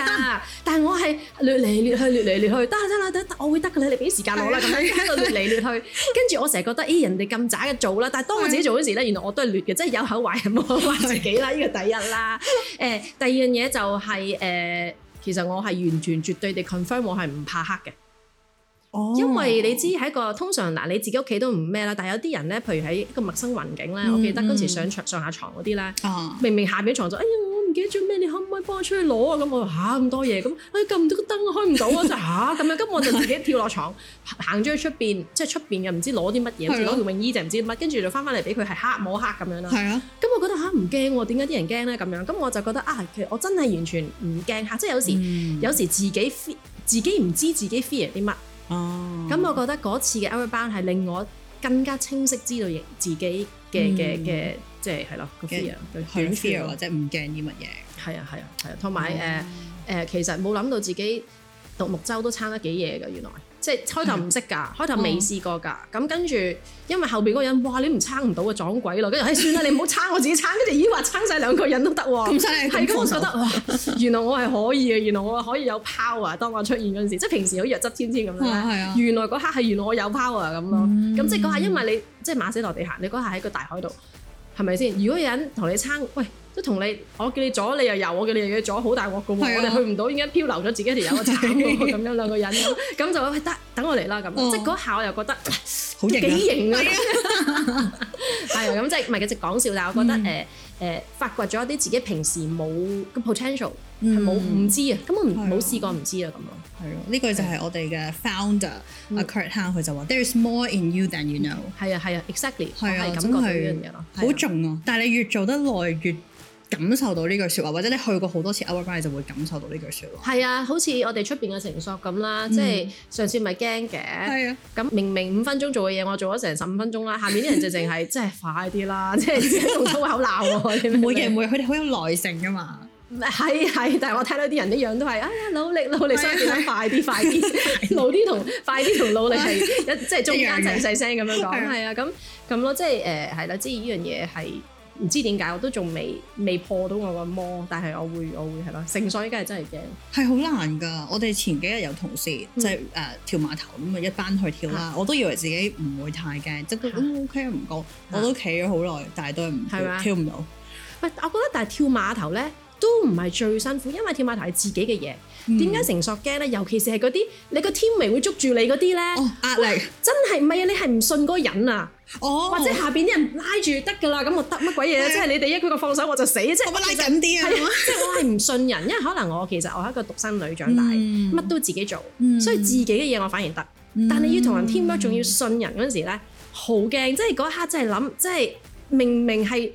A: 啦。 但係我係亂嚟亂去，亂嚟亂去，得啦得啦得，我會得㗎啦，你俾啲時間我啦咁樣，喺度亂嚟亂去。跟住 我成日覺得，咦、欸？人哋咁渣嘅做啦，但係當我自己做嗰時咧，原來我都係亂嘅，即係有口話人，冇口話 對 自己啦，呢、這個第一啦。誒、呃，第二樣嘢就係、是、誒、呃，其實我係完全絕對地 confirm 我係唔怕黑嘅。因為你知喺一個通常嗱、啊，你自己屋企都唔咩啦，但係有啲人咧，譬如喺個陌生環境咧，嗯嗯，我記得嗰時上牀上下床嗰啲咧，嗯、明明下邊床就哎呀，我唔記得咗咩，你可唔可以幫我出去攞啊？咁我嚇咁多嘢，咁我撳唔到個燈，開唔到啊！真係嚇咁樣，咁我就自己跳落床，行咗去出邊，即係出邊又唔知攞啲乜嘢，攞是的 條泳衣就唔知乜，跟住就翻翻嚟俾佢係黑摸黑咁樣啦。係咁是的 我覺得嚇唔驚喎，點解啲人驚咧咁樣？咁我就覺得啊，其實我真係完全唔驚嚇，即係有時有時、嗯、自己自己唔知自己 fear 啲乜。哦，咁我覺得嗰次嘅 Outward Bound 係令我更加清晰知道自己嘅嘅嘅，即係係咯個 feel，個或者唔驚啲乜嘢。係啊，係啊，係啊，同埋誒誒，其實冇諗到自己獨木舟都撐得幾嘢㗎，原來。即係開頭唔識㗎，的開頭未試過㗎，咁跟住因為後邊嗰人，哇！你唔撐唔到啊，撞鬼咯！跟住誒，算啦，你唔好撐，我自己撐，跟住已經話撐曬兩個人都得喎，係咁，我覺得哇，原來我係可以嘅，原來我可以有 power 當我出現嗰陣時，即係平時好弱質纖纖咁樣咧，哦、原來嗰刻係原來我有 power 咁咯，咁、嗯、即係嗰刻因為你即係、就是、馬死落地行，你嗰刻喺個大海度，係咪先？如果有人同你撐，喂！都同你，我叫你左，你又右；我叫你右，你左，好大鑊噶喎！我哋去唔到，已經漂流咗自己條友？我慘喎，咁樣兩個人咁就，得等我嚟啦咁。即係嗰下我又覺得好型啊，幾型啊！係啊，咁即係唔係幾隻講笑？但係我覺得誒誒，發掘咗一啲自己平時冇
B: 嘅 potential，係冇唔知啊！根本唔冇試過唔知啊！咁咯，係咯，呢個就係我哋嘅 founder 阿 Kurt Hahn，佢就話：There is more in you than you know。係啊係啊，exactly 係啊，感覺到一樣嘢咯，好重啊！但係你越做得耐越～感受到呢句説話，或者你去過好多次 Outward Bound 就會感受到呢句説話。
A: 係啊，好似我哋出邊嘅成績咁啦，嗯、即係上次咪驚嘅。係啊。咁明明五分鐘做嘅嘢，我做咗成十五分鐘啦。下面啲人就淨
B: 係 即係快啲啦，即係用粗口鬧。唔會嘅，唔會，佢哋好有耐性噶嘛。
A: 係係，但係我睇到啲人一樣都係，哎呀努力努力，相對都快啲
B: 快啲，
A: 努啲同快啲同努力係一即係中間細細 聲咁、啊 嗯、樣講，係啊咁咁咯，即係誒係啦，即係呢樣嘢係。呃就是唔知點解我都仲未未破到我個魔，但係
B: 我會我會係咯，成緒依家係真係驚，係好難㗎。我哋前幾日有同事即係誒跳碼頭咁啊，一班去跳啦。啊、我都以為自己唔會太驚，即係、啊、都 O K 唔過，我都企咗好耐，啊、但係都係唔跳唔嗎到。喂，我覺得但係跳碼頭咧
A: 都唔係最辛苦，因為跳碼頭係自己嘅嘢。點解成索驚咧？尤其是係嗰啲你個天眉會捉住你嗰啲咧，壓力真係唔係啊！你係唔信嗰人啊，哦、或者下邊啲人拉住得㗎啦，咁我得乜鬼嘢對即係你哋一句個放手我就死，即係我拉緊啲啊！即係實、 就是、我係唔信人，因為可能我其實我係一個獨生女長大，乜、嗯、都自己做，所以自己嘅嘢我反而得。嗯、但你要同人添骨，仲要信人嗰陣時咧，好驚！即係嗰一刻真係諗，即係明明係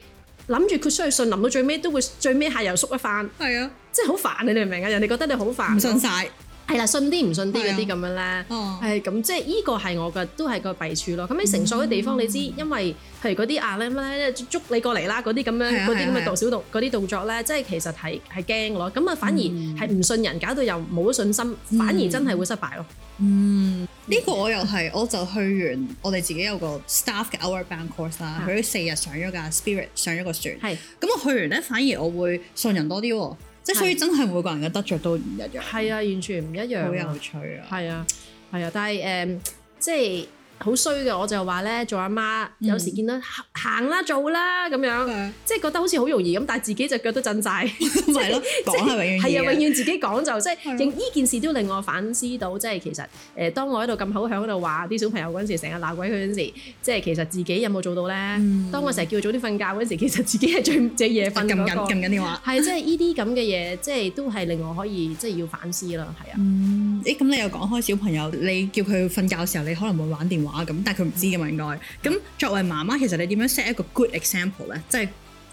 A: 諗住佢需去信，諗到最尾都會最尾下又縮一翻。係啊。即係好煩，你明唔明啊？人哋覺得你好煩，唔信晒，係啦，信啲唔信啲嗰啲咁樣咧，係咁，即係依個係我嘅都係個弊處咯。咁你成熟嘅地方，你知，因為譬如嗰啲啊咧咧捉你過嚟啦，嗰啲咁樣嗰啲咁嘅小動作，嗰啲動作咧，即係其實係係驚咯。咁啊，反而係唔信人，搞到又冇信心，反而真係會失敗咯。嗯，
B: 呢個我又係，我就去完我哋自己有個 staff 嘅 Outward Bound course 啦，去咗四日上咗架 spirit 上咗個船，係咁我去完咧，反而我會信人多啲喎。即係所以真係每個人嘅得着都唔一樣，係啊，完全唔一樣。好有趣啊，係啊，
A: 係啊，但係誒、嗯，即係。好衰嘅，我就話咧做阿媽有時見到行啦做啦咁樣，嗯、即係覺得好似好容易咁，但係自己隻腳都震曬，咪咯，永即係係啊，永遠自己講就即係，呢件事都令我反思到，即係其實誒，當我喺度咁口喺度話啲小朋友嗰陣時，成日鬧鬼佢嗰陣時，即係其實自己有冇做到咧？嗯、當我成日叫佢早啲瞓覺嗰陣時，其實自己係最最夜瞓、嗰個，撳緊撳緊電話，係即係呢啲
B: 咁嘅嘢，即係都係令我可以即係要反思啦，係啊，咁、嗯嗯、你又講開小朋友，你叫佢瞓覺嘅時候，你可能會玩電話。啊咁，但係佢唔知嘅嘛應該。咁、嗯、作為媽媽，其實你點樣 set 一個 good example 咧？即係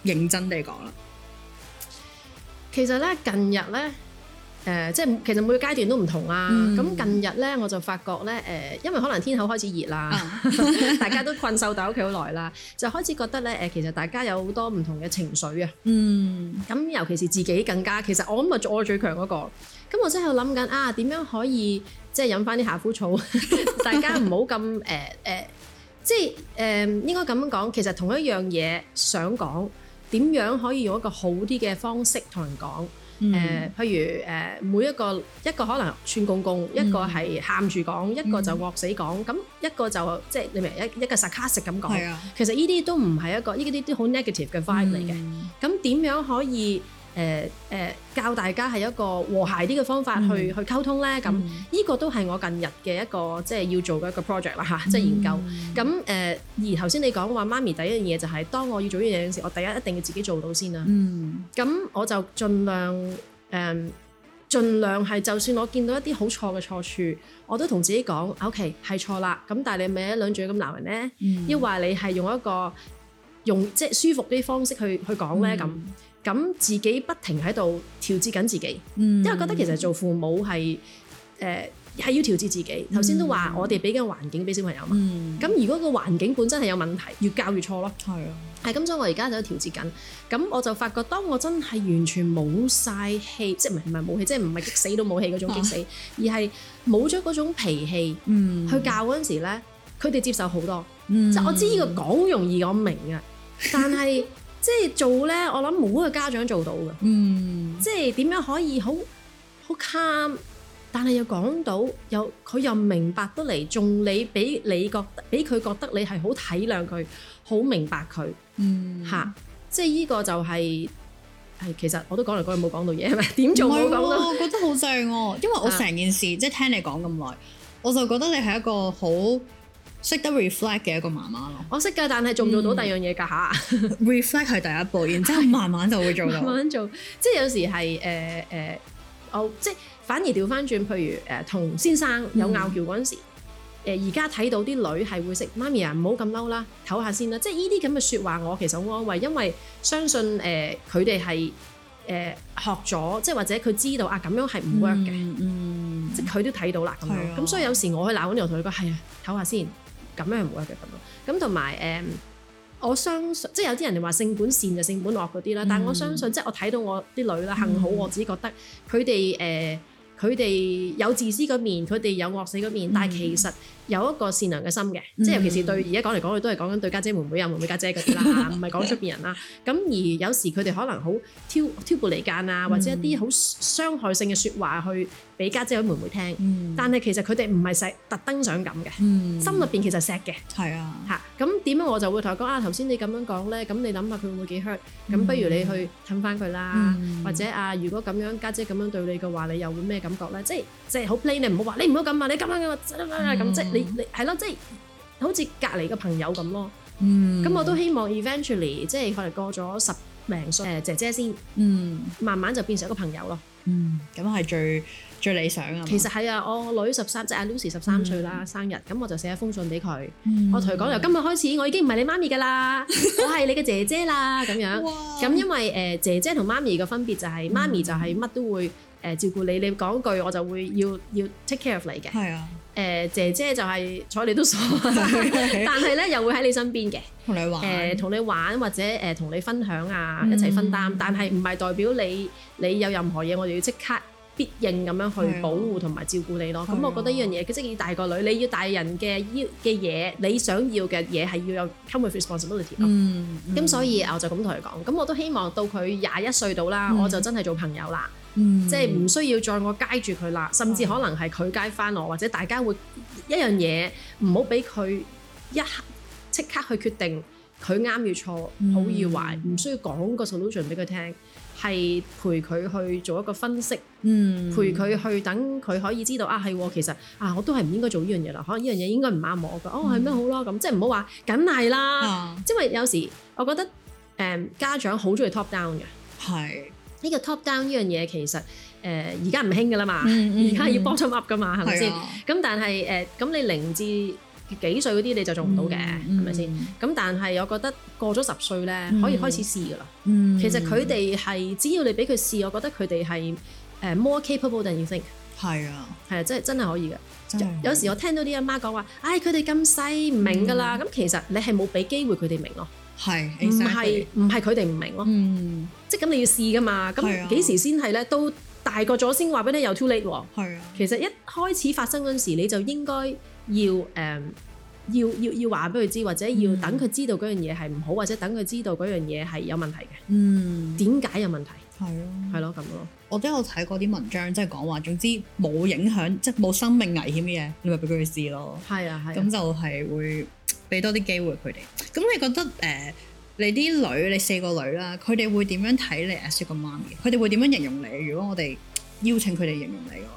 B: 認真地講啦。其實咧，近日咧，
A: 誒、呃，
B: 即係其實每個階段都唔同啦、啊。咁、嗯、近日咧，
A: 我就發覺咧，誒、呃，因為可能天口開始熱啦，啊、 大家都困獸鬥喺屋企好耐啦，就開始覺得咧，誒、呃，其實大家有好多唔同嘅情緒啊。
B: 嗯。
A: 咁尤其是自己更加，其實我諗做我最強嗰、那個。咁我真係諗緊啊，點樣可以？即係飲翻啲夏枯草， 大家唔好咁誒誒，即係誒、呃、應該咁講。其實同一樣嘢想講，點樣可以用一個好啲嘅方式同人講？
B: 誒、嗯呃，
A: 譬如誒、呃、每一個一個可能串公公，一個係喊住講，一個就惡死講，咁一個就即係、就是、你明一一,一,一,一,的一個 sarcastic 咁講、嗯。其實呢啲都唔係一個呢啲都好 negative 嘅 vibe 嚟嘅。咁點樣可以？誒誒、呃、教大家係一個和諧啲嘅方法去、mm hmm. 去溝通咧，咁呢、mm hmm. 個都係我近日嘅一個即係、就是、要做嘅一個 project 啦吓，即、就、係、是、研究。咁誒、mm hmm. 嗯、而頭先你講話媽咪第一樣嘢就係、是，當我要做呢樣嘢嘅時，我第一一定要自己做到先啦、mm hmm. 嗯。嗯。咁我就盡量誒，盡量係就算我見到一啲好錯嘅錯處，我都同自己講，O K 係錯啦。咁、okay, 但係你咪一兩嘴咁鬧人咧，抑或、mm hmm. 你係用一個用即係舒服啲方式去去講咧咁。Mm mm mm 咁自己不停喺度調節緊自己，
B: 嗯、因為覺得其實做
A: 父母係誒係要調節自己。頭先都話我哋俾緊環境俾小朋友嘛，咁、嗯、如果個環境本身係有問題，越教越錯咯。係啊，係咁，所以我而家就調節緊。咁我就發覺，當我真係完全冇晒氣，即係唔係冇氣，即係唔係激死都冇氣嗰種激死，啊、而係冇咗嗰種脾氣、
B: 嗯、去
A: 教嗰陣時咧，佢哋接受好多。
B: 即、嗯、我知呢
A: 個講容易，我明啊，但係。 即係做咧，我諗冇一個家長做到嘅。嗯，即係點樣可以好好 calm，但係又講到，又佢又明白得嚟，仲你俾你覺得，俾佢覺得你係好體諒佢，好明白佢。嗯，吓、啊，即係呢個就係、是、係，其實我都講嚟講去冇講到嘢，係咪？點做我講覺
B: 得好正、啊，因為我成件事、啊、即係聽你講咁耐，我就覺得你係一個好。識得 reflect 嘅一個媽媽咯，我識㗎，但係做唔
A: 做到第二樣嘢㗎嚇
B: ？Reflect 係第一步，然之後慢慢就會做到。慢慢
A: 做，即係有時係誒誒，我即係反而調翻轉，譬如誒同先生有拗撬嗰陣時，誒而家睇到啲女係會識媽咪啊，唔好咁嬲啦，唞下先啦。即係呢啲咁嘅説話，我其實好安慰，因為相信誒佢哋係誒學咗，即係或者佢知道啊，咁樣係唔 work 嘅。嗯，即係佢都睇到啦。係啊，咁所以有時我去鬧緊，我同佢講係啊，唞下先。咁樣唔會嘅咁咯，咁同埋誒，我相信即係有啲人哋話性本善就性本惡嗰啲啦，嗯、但係我相信即係我睇到我啲女啦，嗯、幸好我自己覺得佢哋誒，佢、呃、哋有自私嗰面，佢哋有惡死嗰面，嗯、但係其實有一個善良嘅心嘅，即係尤其是對而家講嚟講去都係講緊對家姐、妹妹啊、妹妹家姐嗰啲啦，唔係講出邊人啦。咁而有時佢哋可能好挑挑撥離間啊，或者一啲好傷害性嘅説話去俾家姐或者妹妹聽。但係其實佢哋唔係成特登想咁嘅，心入邊其實錫嘅。係啊，嚇咁點樣我就會同佢講啊，頭先你咁樣講咧，咁你諗下佢會唔會幾 hurt？咁不如你去氹翻佢啦，或者啊，如果咁樣家姐咁樣對你嘅話，你又會咩感覺咧？即係即係好 plain 你唔好話，你唔好咁啊，你咁樣咁啊，咁即係。你你係咯，即係好似隔離個朋友咁咯。咁我都希望 eventually 即係可能過咗十零歲誒姐姐先，慢慢就變成一個朋友咯。咁係最最理想啊！其實係啊，我女十三，即係阿 Lucy 十三歲啦生日，咁我就寫一封信俾佢。我同佢講，由今日開始，我已經唔係你媽咪噶啦，我係你嘅姐姐啦。咁樣咁因為誒姐姐同媽咪嘅分別就係媽咪就係乜都會誒照顧你，你講句我就會要要 take care of 你嘅。係啊。誒姐姐就係睬你都傻，但係咧又會喺你身邊嘅，同你玩，誒同你玩或者誒同你分享啊，一齊分擔。但係唔係代表你你有任何嘢，我哋要即刻必應咁樣去保護同埋照顧你咯。咁我覺得呢樣嘢，佢即係要大個女，你要大人嘅要嘅嘢，你想要嘅嘢係要有 come with responsibility。嗯，咁所以我就咁同佢講，咁我都希望到佢廿一歲到啦，我就真係做朋友啦。
B: Mm hmm. 即係唔
A: 需要再我 guide 住佢啦，甚至可能係佢 guide 翻我，或者大家會一樣嘢唔好俾佢一刻即刻去決定佢啱與錯好與壞，唔、mm hmm. 需要講個 solution 俾佢聽，係陪佢去做一個分析，嗯、
B: mm，hmm. 陪佢
A: 去等佢可以知道啊，係、啊、其實啊我都係唔應該做呢樣嘢啦，可能呢樣嘢應該唔啱我嘅，哦係咩好啦咁，mm hmm. 即係唔好話梗係啦，oh. 因為有時我覺得誒、嗯、家長好中意 top down 嘅，係。呢個 top down 呢樣嘢其實誒而家唔興嘅啦嘛，而家要 bottom up 噶嘛，係咪先？咁但係誒咁你零至幾歲嗰啲你就做唔到嘅，係咪先？咁但係我覺得過咗十歲咧，可以開始試噶啦。其實佢哋係只要你俾佢試，我覺得佢哋係誒 more capable than you think。係啊，係啊，真係真係可以嘅。有時我聽到啲阿媽講話，唉，佢哋咁細唔明噶啦，咁其實你係冇俾機會佢哋明咯。係，唔係唔係佢哋唔明咯，嗯，即係咁你要試㗎嘛，咁幾時先係咧？都大個咗先話俾你，又 too late 喎。係啊、嗯，其實一開始發生嗰陣時，你就應該要誒、呃，要要要話俾佢知，或者要等佢知道嗰樣嘢係唔好，或者等佢知道嗰樣嘢係有問題嘅。嗯，點解有問題？係咯、嗯，係
B: 咯咁咯。啊、我都有睇過啲文章，即係講話，總之冇影響，即係冇生命危險嘅嘢，你咪俾佢去試咯。係、嗯、啊，係。咁就係會。俾多啲機會佢哋，咁你覺得誒、呃、你啲女，你四個女啦，佢哋會點樣睇你阿叔個媽咪？佢 哋樂會點樣形容你？如果我哋邀請佢哋形容你嘅話，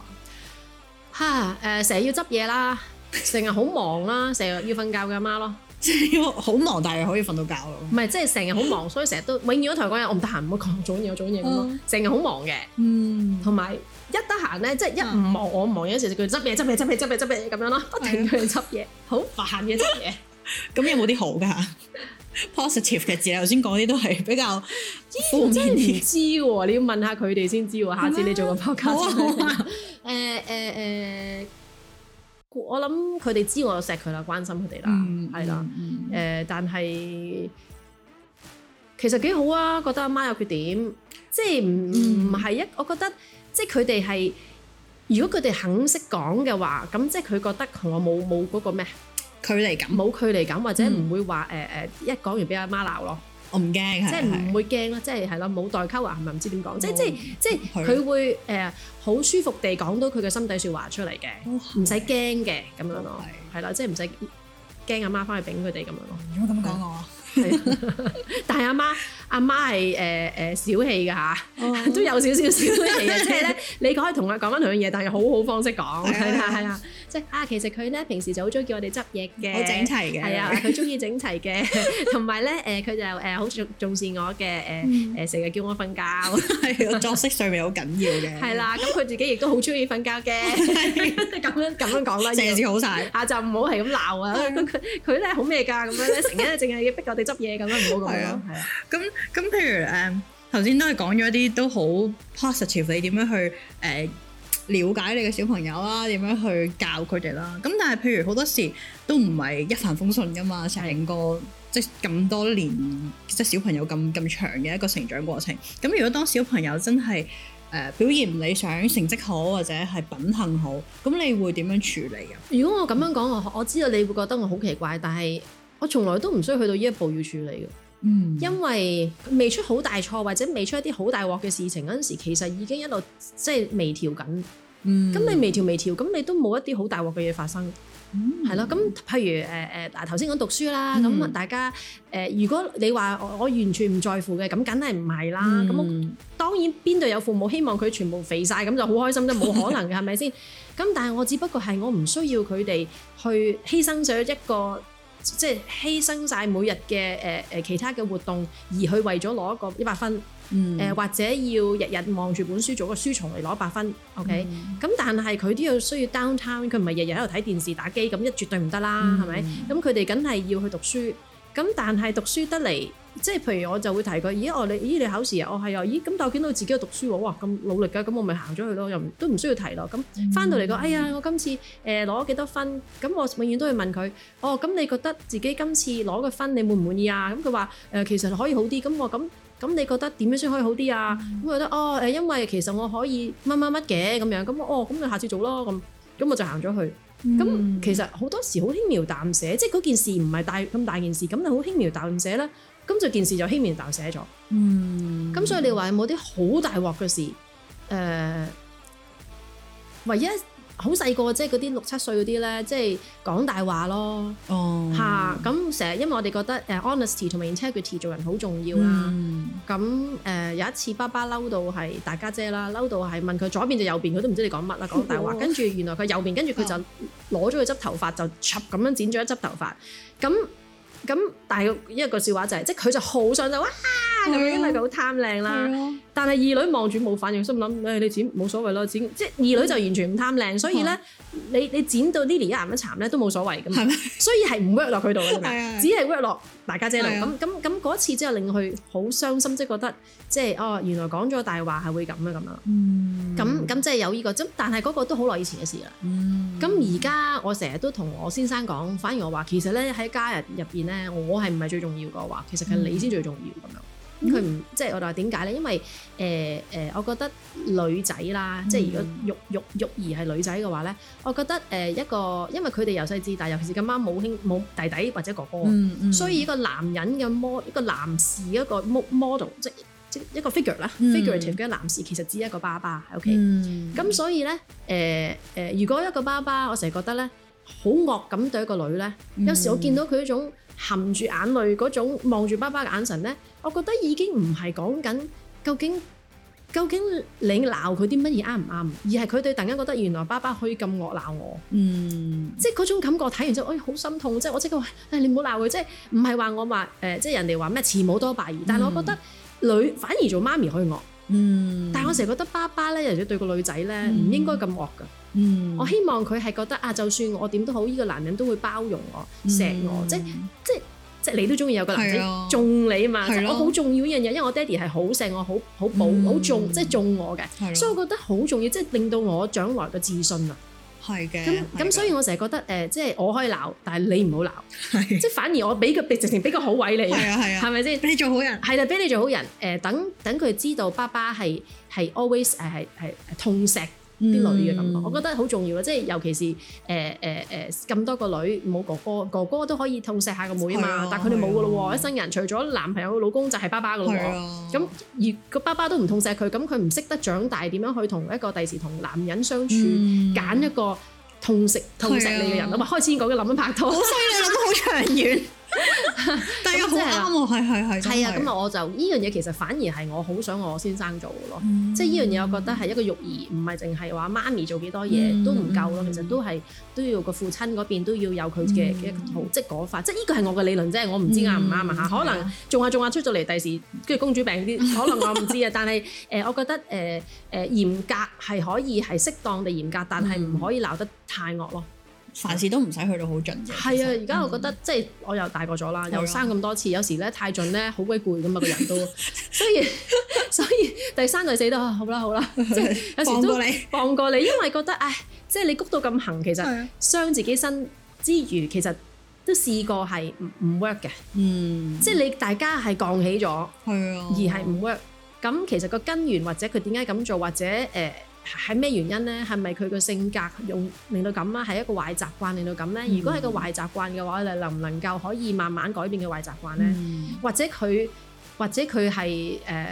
B: 哈，誒成日要執
A: 嘢啦，成日好忙啦，成日要瞓覺嘅媽咯，即
B: 係要好忙，但係可以瞓到覺咯。
A: 唔係，即係成日好忙，所以成日都永遠都同佢講嘢，我唔得閒，唔好講做嘢，我做嘢咁咯，成日好忙嘅，嗯，同埋一得閒咧，即係一唔忙，我唔忙嘅時候佢執嘢執嘢執嘢執嘢執嘢咁樣咯，不停佢執嘢，好煩嘅執嘢。 咁有冇啲好噶？positive 嘅字，頭先講啲都係比較，我真係唔知喎、啊，點點你要問下佢哋先知喎、啊。下次你做個 Podcast，誒誒誒，呃呃呃、我諗佢哋知我錫佢啦，關心佢哋啦，係啦、嗯，誒，嗯嗯、但係其實幾好啊，覺得阿媽有缺點，即係唔唔係一，嗯、我覺得即係佢哋係，如果佢哋肯識講嘅話，咁即係佢覺得同我冇冇嗰個咩？距離感冇距離感，或者唔會話誒誒，一講完俾阿媽鬧咯。我唔驚，即係唔會驚咯。即係係咯，冇代溝啊，係咪唔知點講？即係即係即係佢會誒好舒服地講到佢嘅心底説話出嚟嘅，唔使驚嘅咁樣咯。係啦，即係唔使驚阿媽翻去揈佢哋咁樣咯。如果咁講我，但係阿媽阿媽係誒誒小氣㗎吓，都有少少小氣嘅。即係咧，你可以同佢講翻兩樣嘢，但係好好方式講係啊。即係啊，其實佢咧平時就好中意叫我哋執嘢嘅，好整齊嘅，係啊，佢中意整齊嘅，同埋咧誒，佢就誒好重重視我嘅誒誒成日叫我瞓覺，
B: 係作息上面好緊要嘅。
A: 係啦，咁佢自己亦都好中意瞓覺嘅。咁樣咁樣講啦，成件事好曬啊！就唔好係咁鬧啊！佢佢咧好咩㗎？咁樣咧成日淨係要逼我哋執嘢咁樣，唔好咁樣係啊。
B: 咁咁譬如誒頭先都係講咗一啲都好 positive，你點樣去誒？了解你嘅小朋友啦，點樣去教佢哋啦？咁但係，譬如好多時都唔係一帆風順噶嘛，成個即係咁多年即係小朋友咁咁長嘅一個成長過程。咁如果當小朋友真係誒表現唔理想，成績好或者係品行好，咁你會點樣處理啊？如果我
A: 咁樣講，我我知道你會覺得我好奇怪，但係我從來都唔需要去到呢一步要處理嘅。嗯、因為未出好大錯或者未出一啲好大鑊嘅事情嗰陣時，其實已經一路即係微調緊。咁、嗯、你微調微調，咁你都冇一啲好大鑊嘅嘢發生。嗯，係咯，咁譬如誒誒，嗱頭先講讀書啦，咁、嗯、大家誒、呃，如果你話我完全唔在乎嘅，咁梗係唔係啦？咁、嗯、我當然邊度有父母希望佢全部肥晒，咁就好開心啫，冇可能嘅係咪先？咁 但係我只不過係我唔需要佢哋去犧牲咗一個。即係犧牲晒每日嘅誒誒其他嘅活動，而去為咗攞一個一百分，誒、嗯呃、或者要日日望住本書做個書蟲嚟攞一百分，OK？咁、嗯嗯嗯、但係佢都要需要 down time，佢唔係日日喺度睇電視打機，咁一絕對唔得啦，係咪、嗯？咁佢哋梗係要去讀書。咁但係讀書得嚟，即係譬如我就會提佢，而家我咦你考試啊，哦、咦但我係又咦咁究竟都自己喺度讀書喎，哇咁努力噶，咁我咪行咗去咯，又都唔需要提咯。咁返到嚟個，哎呀我今次誒攞幾多分？咁我永遠都會問佢，哦咁你覺得自己今次攞個分你滿唔滿意啊？咁佢話誒其實可以好啲，咁我咁咁你覺得點樣先可以好啲啊？咁覺得哦誒因為其實我可以乜乜乜嘅咁樣，咁哦咁你下次做咯咁，咁我就行咗去。咁、嗯、其實好多時好輕描淡寫，即係嗰件事唔係大咁大，大、嗯、大件事，咁你好輕描淡寫啦。咁就件事就輕描淡寫咗。嗯。
B: 咁
A: 所以你話有冇啲好大鑊嘅事？誒，唯一。好細個即係嗰啲六七歲嗰啲咧，即係講大話咯嚇。咁成日因為我哋覺得誒、uh, honesty 同埋 integrity 做人好重要啊。咁誒、mm. uh, 有一次爸爸嬲到係大家姐啦，嬲到係問佢左邊就右邊，佢都唔知你講乜啦，講大話。跟住、oh. 原來佢右邊，跟住佢就攞咗佢執頭髮就 chop 咁樣剪咗一執頭髮。咁咁但係一個笑話就係、是，即係佢就好想就哇咁樣，啊、因為佢好貪靚啦。啊、但係二女望住冇反應，心諗誒、哎，你剪冇所謂咯，剪即係二女就完全唔貪靚，啊、所以咧你你剪到 Lily 一鹹一慘咧都冇所謂㗎嘛。嗎所以係唔 work 落佢度嘅，啊、只係 work 落。大家姐女咁咁咁嗰次之後令佢好傷心，即係覺得即係哦，原來講咗大話係會咁樣咁樣。嗯。咁咁即係有呢個，咁但係嗰個都好耐以前嘅事啦。嗯。咁而家我成日都同我先生講，反而我話其實咧喺家人入邊咧，我係唔係最重要嘅話，其實係你先最重要咁樣。嗯。咁佢唔即係我哋話點解咧？因為誒誒，我覺得女仔啦，即係如果玉玉玉兒係女仔嘅話咧，我覺得誒一個，因為佢哋由細至大，尤其是咁啱冇兄冇弟弟或者哥哥，所以呢個男人嘅模，一個男士一個模 model，即即一個 figure 啦，figure 嘅男士其實只一個爸爸喺屋企。咁所以咧，誒誒，如果一個爸爸，我成日覺得咧，好惡咁對一個女咧，有時我見到佢嗰種含住眼淚嗰種望住爸爸嘅眼神咧。我覺得已經唔係講緊究竟究竟你鬧佢啲乜嘢啱唔啱，而係佢對突然間覺得原來爸爸可以咁惡鬧我，嗯，即係嗰種感覺睇完之後，哎，好心痛，即係我即刻話、哎，你唔好鬧佢，即係唔係話我話誒、呃，即係人哋話咩慈母多敗兒，但係我覺得女、嗯、反而做媽咪可以惡，嗯，但係我成日覺得爸爸咧，尤其對個女仔咧，唔應該咁惡噶，嗯、我希望佢係覺得啊，就算我點都好，依個男人都會包容我、錫我，嗯嗯、即係即係。即係你都中意有個男仔縱你嘛？我好重要一樣嘢，因為我爹哋係好錫我，好好保好縱，即係縱我嘅。所以我覺得好重要，即係令到我將來嘅自信啊。係嘅。咁咁，所以我成日覺得誒，即係我可以鬧，但係你唔好鬧。即係反而我俾個，直情俾個好位你。係咪先？俾你做好人。係啦，俾你做好人。誒，等等佢知道爸爸係係 always 係係痛錫。啲女嘅感覺，我覺得好重要嘅，即係尤其是誒誒誒咁多個女冇哥哥，哥哥都可以痛錫下個妹啊嘛，但係佢哋冇噶咯喎，一生人除咗男朋友、老公就係爸爸噶咯喎，咁而個爸爸都唔痛錫佢，咁佢唔識得長大點樣去同一個第時同男人相處，揀一個痛錫痛錫你嘅人啊嘛，開始講緊諗緊拍拖，好犀利諗得好長遠。係係係，係啊！咁啊，我就呢樣嘢其實反而係我好想我先生做嘅咯，即係呢樣嘢，我覺得係一個育兒，唔係淨係話媽咪做幾多嘢都唔夠咯。其實都係都要個父親嗰邊都要有佢嘅一個好即係嗰法，即係呢個係我嘅理論啫，我唔知啱唔啱啊吓？可能做下做下出咗嚟，第時跟住公主病啲，可能我唔知啊。但係誒，我覺得誒誒，嚴格係可以係適當地嚴格，但係唔可以鬧得太惡咯。凡事都
B: 唔使去到好盡嘅。
A: 係啊，而家我覺得即係我又大個咗啦，又生咁多次，有時咧太盡咧，好鬼攰咁啊，個人都。所以所以第三第四都好啦好啦，即係有時都放過你，因為覺得唉，即係你谷到咁狠，其實傷自己身之餘，其實都試過係唔 work 嘅。嗯，即係你大家係降起咗，係啊，而係唔 work。咁其實個根源或者佢點解咁做，或者誒？係咩原因咧？係咪佢個性格用令到咁啊？係一個壞習慣令到咁咧？如果係個壞習慣嘅話，你能唔能夠可以慢慢改變嘅壞習慣咧？或者佢，或者佢係誒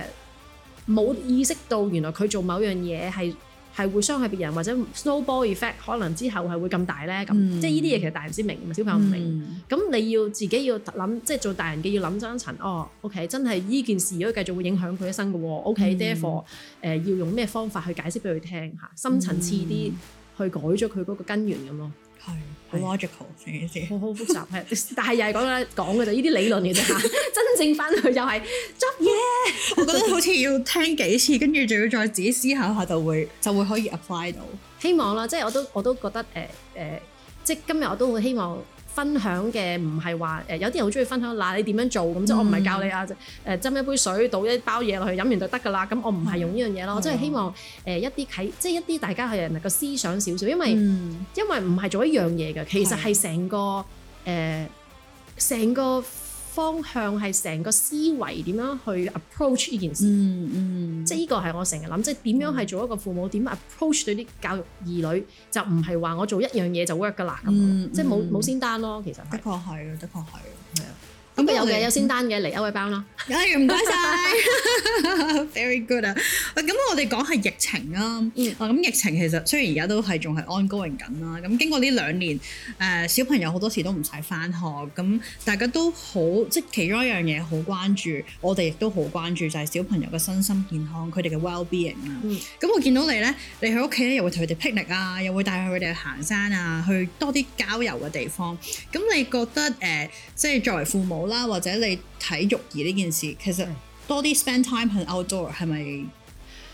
A: 冇意識到原來佢做某樣嘢係，係會傷害別人，或者 Snowball effect 可能之後係會咁大咧，咁，嗯、即係呢啲嘢其實大人先明，小朋友唔明。咁、嗯、你要自己要諗，即、就、係、是、做大人嘅要諗真一層。哦，OK，真係呢件事如果繼續會影響佢一生嘅喎。OK，Therefore，誒要用咩方法去解釋俾佢聽嚇，深層次啲去改咗佢嗰個根源咁咯。嗯嗯
B: 係，好 logical 成的件事，好好複雜係， 但係又係講緊講嘅啫，呢啲 理論嘅啫吓， 真正翻去又係執嘢。Yeah, 嗯、我覺得好似要聽幾次，跟住仲要再自己思考下，就會就會可以 apply 到。
A: 希望啦，即、就、係、是、我都我都覺得誒誒，即、呃、係、呃就是、今日我都好希望。分享嘅唔係話誒，有啲人好中意分享嗱、啊，你點樣做咁？即係我唔係教你啊，誒斟、嗯呃、一杯水倒一包嘢落去飲完就得噶啦，咁我唔係用呢樣嘢咯，的我真係希望誒、呃、一啲啟，即係一啲大家係人哋個思想少少，因為、嗯、因為唔係做一樣嘢嘅，其實係成個誒成個。的方向係成個思維點樣去 approach 呢件事，嗯嗯，嗯即係依個係我成日諗，即係點樣係做一個父母點 approach 對啲教育兒女，就唔係話我做一樣嘢就 work 㗎啦，咁、嗯，即係冇
B: 冇先單咯，其實的確係啊，的確係啊，係啊。
A: 咁有嘅，有先單嘅嚟，
B: 一位包咯。哎呀，唔該晒 Very good 啊！咁我哋講係疫情啊。咁、嗯啊、疫情其實雖然而家都係仲係 on-going 緊、啊、啦。咁、啊、經過呢兩年，誒、呃、小朋友好多時都唔使返學，咁、啊、大家都好，即係其中一樣嘢好關注，我哋亦都好關注，就係、是、小朋友嘅身心健康，佢哋嘅 well-being 啊。咁、嗯啊、我見到你咧，你喺屋企咧又會同佢哋劈力啊，又會帶佢哋去行山啊，去多啲郊遊嘅地方。咁你覺得誒、呃，即係作為父母？啦，或者你睇育兒呢件事，其實多啲 spend time outdoor，係咪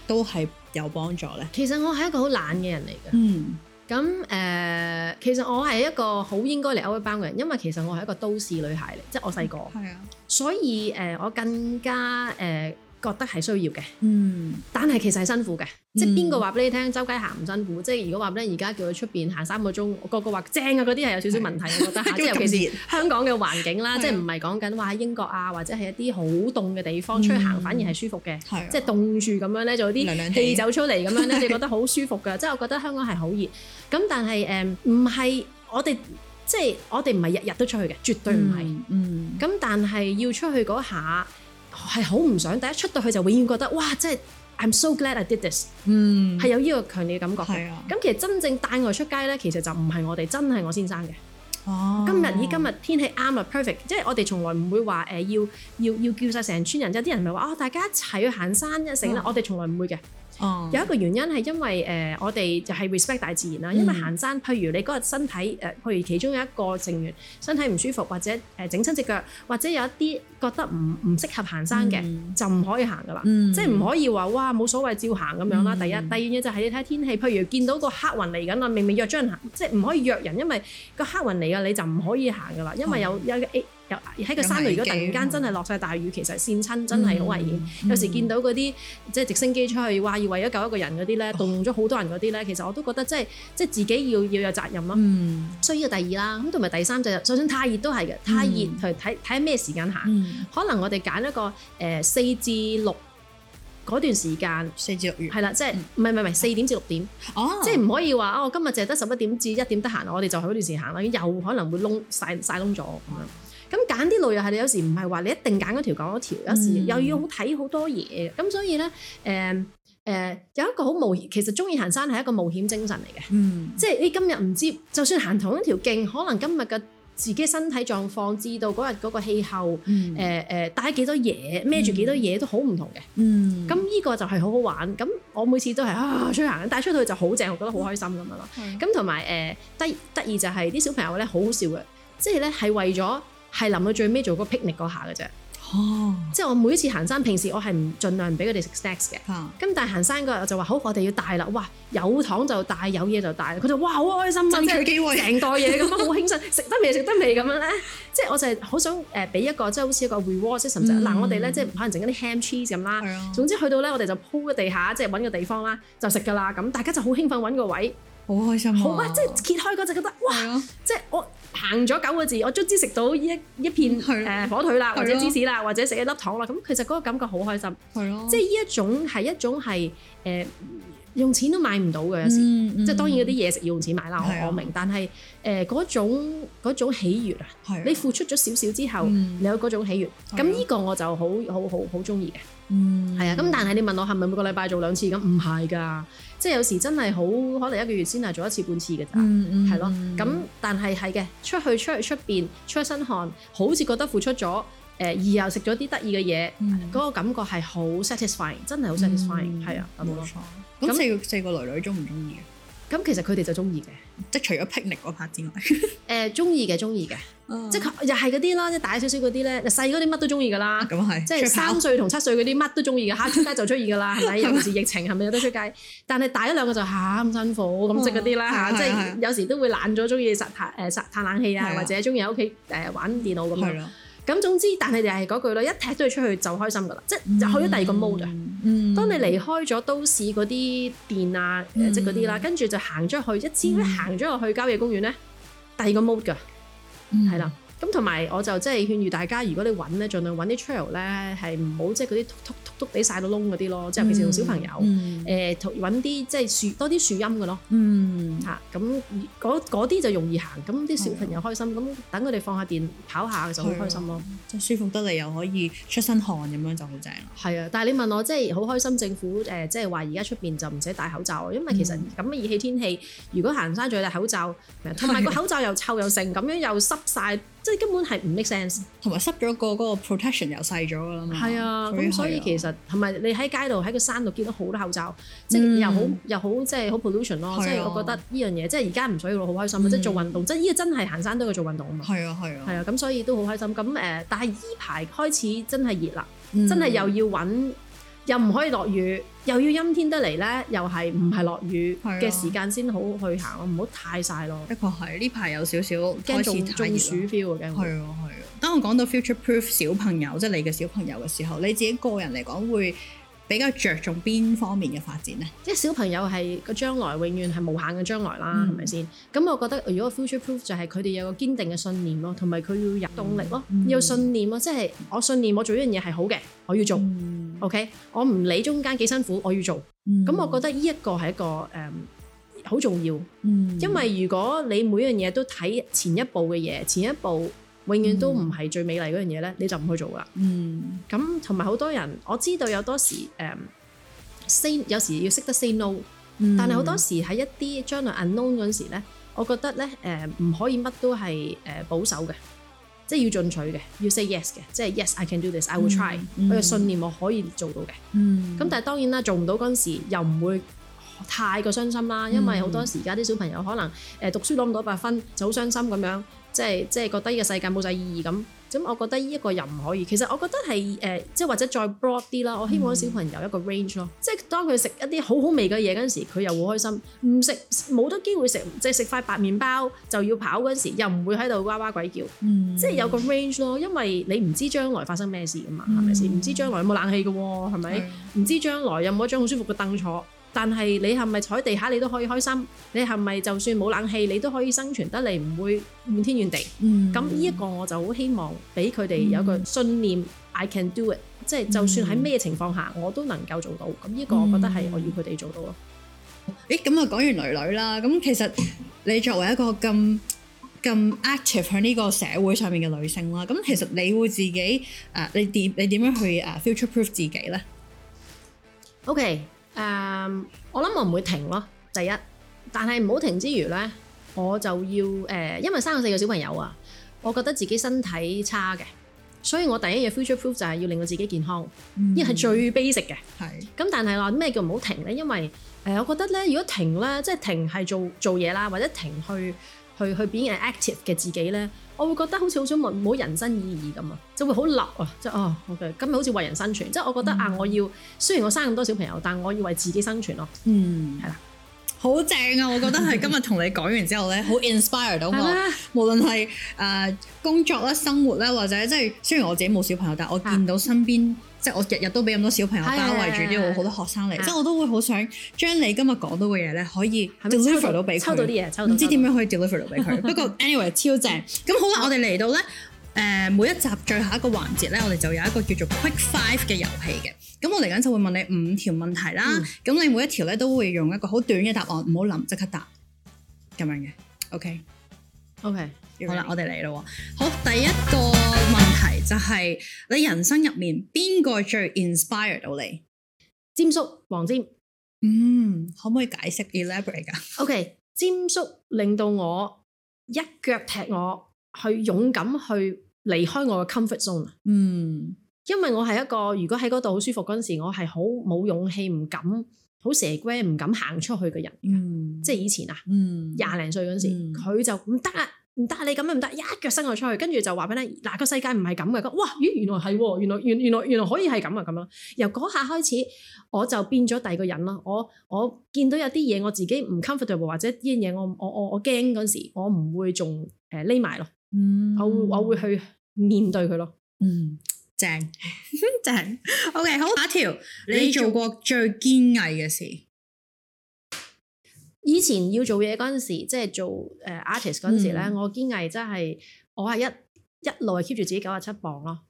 B: 都係有幫助呢？其、嗯呃？其實我係一個好懶嘅人嚟嘅，嗯，咁誒，其實我
A: 係一個好應該嚟 o 一班嘅人，因為其實我係一個都市女孩嚟，即、就、係、是、我細個，係、嗯、啊，所以誒、呃，我更加誒。呃覺得係需要嘅，嗯，但係其實係辛苦嘅，即係邊個話俾你聽？周街行唔辛苦，即係如果話俾你而家叫佢出邊行三個鐘，個個話正啊，嗰啲係有少少問題，我覺得。即係尤其是香港嘅環境啦，即係唔係講緊話喺英國啊，或者係一啲好凍嘅地方出去行反而係舒服嘅，係，即係凍住咁樣咧，就啲氣走出嚟咁樣咧，就覺得好舒服㗎。即係我覺得香港係好熱，咁但係誒，唔係我哋即係我哋唔係日日都出去嘅，絕對唔係，嗯，咁但係要出去嗰下。係好唔想，第一，出到去就永遠覺得哇，真係 I'm so glad I did this，嗯，係有呢個強烈嘅感覺嘅。咁其實真正帶我哋出街呢，其實就唔係我哋，真係我先生嘅。今日咦今日天,天氣啱啊 perfect 即係我哋從來唔會話誒、呃、要要要叫晒成村人，即係啲人咪係話大家一齊去行山一成啦。我哋從來唔會嘅。Oh. 有一個原因係因為誒、呃、我哋就係 respect 大自然啦。因為行山，嗯、譬如你嗰日身體誒、呃，譬如其中有一個成員身體唔舒服，或者誒、呃、整親隻腳，或者有一啲覺得唔唔適合行山嘅，嗯、就唔可以行噶啦。嗯、即係唔可以話哇冇所謂照行咁樣啦。第一，第,一第二嘢就係你睇天氣，譬如見到個黑雲嚟緊啦，明明,明約咗人行，即係唔可以約人，因為個黑雲嚟。你就唔可以行噶啦，因為有有 A、欸、有喺個山度，如果突然間真係落晒大雨，嗯、其實跣親真係好危險。嗯嗯、有時見到嗰啲即係直升機出去，話要為咗救一個人嗰啲咧，動用咗好多人嗰啲咧，哦、其實我都覺得即係即係自己要要有責任咯。嗯，所以依個第二啦，咁同埋第三就係、首先太熱都係嘅，太熱去睇睇咩時間行，嗯、可能我哋揀一個誒四至六。呃嗰段時間四至六月係啦，即係唔係唔係四點至六點，哦、即係唔可以話啊、哦！我今日淨係得十一點至一點得閒，我哋就喺嗰段時間行啦，又可能會窿晒曬窿咗咁樣。咁揀啲路又係你有時唔係話你一定揀嗰條講嗰條，條有時又要好睇好多嘢。咁所以咧，誒、呃、誒、呃、有一個好冒險，其實中意行山係一個冒險精神嚟嘅，即係、嗯、你今日唔知，就算行同一條徑，可能今日嘅。自己身體狀況，知道嗰日嗰個氣候，誒誒、嗯呃、帶幾多嘢，孭住幾多嘢都好唔同嘅。咁呢、嗯、個就係好好玩。咁我每次都係啊出去行，帶出去就好正，我覺得好開心咁樣咯。咁同埋誒得得意就係、是、啲小朋友咧好好笑嘅，即係咧係為咗係臨到最尾做個 picnic 嗰下嘅啫。哦，即係我每一次行山，平時我係唔盡量唔俾佢哋食 snacks 嘅，咁、嗯、但係行山嗰日我就話好，我哋要帶啦，哇，有糖就帶，有嘢就帶，佢哋哇好開心啊，即係成袋嘢咁樣，好 興奮，食得未？食得未咁樣咧，即係我就係好想誒俾一個即係、就是、好似一個 reward 甚至、嗯啊、即係咁就嗱我哋咧即係可能整啲 ham cheese 咁啦、啊，係總之去到咧我哋就鋪喺地下，即係搵個地方啦，就食噶啦，咁大家就好興奮搵個位，好開心好啊，好即係揭開嗰陣覺得哇，啊、即係我。行咗九個字，我足之食到一一片誒火腿啦，或者芝士啦，或者食一粒糖啦，咁其實嗰個感覺好開心，係咯，即係呢一種係一種係誒用錢都買唔到嘅有時，即係當然嗰啲嘢食要用錢買啦，我我明，但係誒嗰種嗰種喜悅啊，你付出咗少少之後，你有嗰種喜悅，咁呢個我就好好好好中意嘅，嗯，
B: 係啊，咁
A: 但係你問我係咪每個禮拜做兩次咁，唔係㗎。即係有時真係好，可能一個月先係做一次半次嘅咋，係咯、嗯。咁、嗯、但係係嘅，出去出去面出邊出一身汗，好似覺得付出咗，誒，而又食咗啲得意嘅嘢，嗰個感覺係好 satisfying，真係好 satisfying，係啊、嗯，冇錯。
B: 咁四四個女女鍾唔鍾意？咁其實佢哋就中意嘅，即係除咗霹靂嗰 part 之外、 呃，誒中意嘅中意嘅， 即係
A: 又係嗰啲啦，即係大少少嗰啲咧，細嗰啲乜都中意噶啦，
B: 咁、啊、即係三歲同
A: 七歲嗰啲乜都中意嘅，出 街就出面噶啦，係咪？尤其是疫情係咪有得出街？ 但係大一兩個就嚇咁、啊、辛苦咁、啊、即嗰啲啦嚇，啊、即係有時都會懶咗，中意實嘆誒實嘆冷氣啊， 或者中意喺屋企誒玩電腦咁樣。 咁總之，但係就係嗰句咯，一踢咗出去就開心噶啦，即係去咗第二個 mode 噶！嗯、當你離開咗都市嗰啲店啊，嗯呃、即係嗰啲啦，跟住就行咗去，一次行咗入去郊野公園咧，第二個 mode 噶，係啦、嗯。咁同埋我就即係勸喻大家，如果你揾咧，盡量揾啲 trail 咧，係唔好即係嗰啲突突突突地晒到窿嗰啲咯，即係尤其是用小朋友，誒揾啲即係樹多啲樹蔭嘅咯，嗯嚇，咁嗰啲就容易行，咁啲小朋友開心，咁、哎、呀等佢哋放下電跑下就好開心咯，即、哎就是、舒服得嚟又可以出身汗咁樣就好正啦。係啊、哎，但係你問我即係好開心，政府誒、呃、即係話而家出邊就唔使戴口罩，因為其實咁嘅熱氣天氣，如果行山仲戴口罩，同埋個口罩又臭又成，咁樣又濕晒。即係根本係唔 make sense，同埋濕咗，個嗰個 protection 又細咗㗎啦嘛。係啊，咁所，啊、所以其實同埋你喺街度喺個山度見到好多口罩，即係又好、嗯、又好即係好 pollution 咯。即係、啊、我覺得呢樣嘢，即係而家唔需要咯，好開心，嗯、即係做運動，即係依個真係行山都要做運動啊嘛。係啊，係啊，係啊，咁、啊、所以都好開心。咁誒，但係依排開始真係熱啦，真係又要揾。嗯又唔可以落雨，又要陰天得嚟咧，
B: 又係唔係落雨嘅時間先好去行咯，唔好、啊、太晒咯。的確係呢排有少少更中暑 feel 嘅係啊。當我講到 Future Proof 小朋友，即、就、係、是、你嘅小朋友嘅時候，你自己個人嚟講會。比較着重邊方面嘅發展呢？即係小朋友係個將來永遠係無限嘅將來啦，係咪先？咁我覺得如果 future proof
A: 就係佢哋有個堅定嘅信念咯，同埋佢要有動力咯，要有、嗯、信念咯，嗯、即係我信念我做一樣嘢係好嘅，我要做、嗯、，OK，我唔理中間幾辛苦，我要做。咁、嗯、我覺得呢一個係一個誒好重要，嗯、因為如果你每樣嘢都睇前一步嘅嘢，前一步。永遠都唔係最美麗嗰樣嘢咧，你就唔去做啦。嗯，咁同埋好多人，我知道有多時誒識，呃、say, 有時要識得 say no、嗯。但係好多時喺一啲將來 unknown 嗰時咧，我覺得咧誒唔可以乜都係誒、呃、保守嘅，即係要進取嘅，要 say yes 嘅，即係 yes I can do this,、嗯、I will try、嗯。嗰個信念我可以做到嘅。嗯，咁、嗯、但係當然啦，做唔到嗰陣時又唔會太過傷心啦，因為好多時而家啲小朋友可能誒讀書攞唔到百分就好傷心咁樣。即係即係覺得呢個世界冇晒意義咁，咁我覺得呢一個又唔可以。其實我覺得係誒、呃，即係或者再 broad 啲啦。我希望小朋友有一個 range 咯、嗯，即係當佢食一啲好好味嘅嘢嗰時，佢又會開心。唔食冇得機會食，即係食塊白麵包就要跑嗰時，又唔會喺度哇哇鬼叫。嗯、即係有個 range 咯，因為你唔知將來發生咩事㗎嘛，係咪先？唔知將來有冇冷氣㗎喎，係咪？唔是的 知將來有冇一張好舒服嘅凳坐。但係你係咪坐喺地下你都可以開心？你係咪就算冇冷氣你都可以生存得嚟，唔會怨天怨地。咁呢一個我就好希望俾佢哋有個信念，I can do it，即係就算喺咩情況下我都能夠做到。咁呢個我覺得係我要佢哋做到咯。
B: 咦，咁啊講完女女啦，咁其實你作為一個咁咁 active 喺呢個社會上面嘅女性啦，咁其實你會自己啊，你點你點樣去啊 future proof 自己呢
A: ？OK。誒，um，我諗我唔會停咯。第一，但係唔好停之餘呢，我就要誒、呃，因為生咗四個小朋友啊，我覺得自己身體差嘅，所以我第一嘢 future proof 就係要令到自己健康，呢係、嗯、最 basic 嘅。係是。咁但係話咩叫唔好停呢？因為誒、呃，我覺得呢，如果停咧，即係停係做做嘢啦，或者停去，去去變 active 嘅自己咧，我會覺得好似好想問冇人生意義咁啊，就會好立啊，即係哦，okay，今日好似為人生存，即係我覺得、嗯、啊，我要雖然我生咁多小朋友，但我要為自己生存咯，嗯，
B: 係啦的，好正啊！我覺得係今日同你講完之後咧，好 inspire 到我，嗯、無論係誒、呃、工作啦、生活啦，或者即係雖然我自己冇小朋友，但我見到身邊。啊即係我日日都俾咁多小朋友包圍住，啲我好多學生嚟，即係、哎、呀我都會好想將你今日講到嘅嘢咧，可以 deliver 到俾佢，抽到啲嘢，抽到，唔知點樣可以 deliver 到俾佢。 不過 anyway 超正，咁好啦，我哋嚟到咧，誒、呃、每一集最後一個環節咧，我哋就有一個叫做 quick five 嘅遊戲嘅。咁我嚟緊就會問你五條問題啦。咁你每一條咧都會用一個好短嘅答案，唔好諗即刻答，咁樣嘅。OK OK。Re 好啦，我哋嚟咯。好，第一個問題就係、是、你人生入面邊個最 inspire 到你？霑叔，黃霑，嗯，可唔可以解釋 elaborate 啊？OK，霑叔令到我一腳
A: 踢我，去勇敢去離開我嘅 comfort zone。嗯，因為我係一個如果喺嗰度好舒服嗰陣時，我係好冇勇氣唔敢好蛇龜唔敢行出去嘅人。嗯，即係以前啊，嗯，廿零歲嗰陣時，佢、嗯、就唔得啦。唔得，你咁樣唔得，一腳伸我出去，跟住就話俾你，嗱、啊、個世界唔係咁嘅，講哇咦，原來係喎，原來原原來原來，原來可以係咁啊咁啊，由嗰下開始我就變咗第二個人咯。我我見到有啲嘢我自己唔 comfortable，或者呢樣嘢我我我我驚嗰時，我唔會仲誒匿埋咯，嗯，我會我會去面對佢咯，嗯，正
B: 正，OK 好，下一條，你做過最堅毅嘅事。
A: 以前要做嘢嗰陣時，即係做誒 artist 嗰陣時咧、嗯，我堅毅真係我係一一路 keep 住自己九十七磅咯。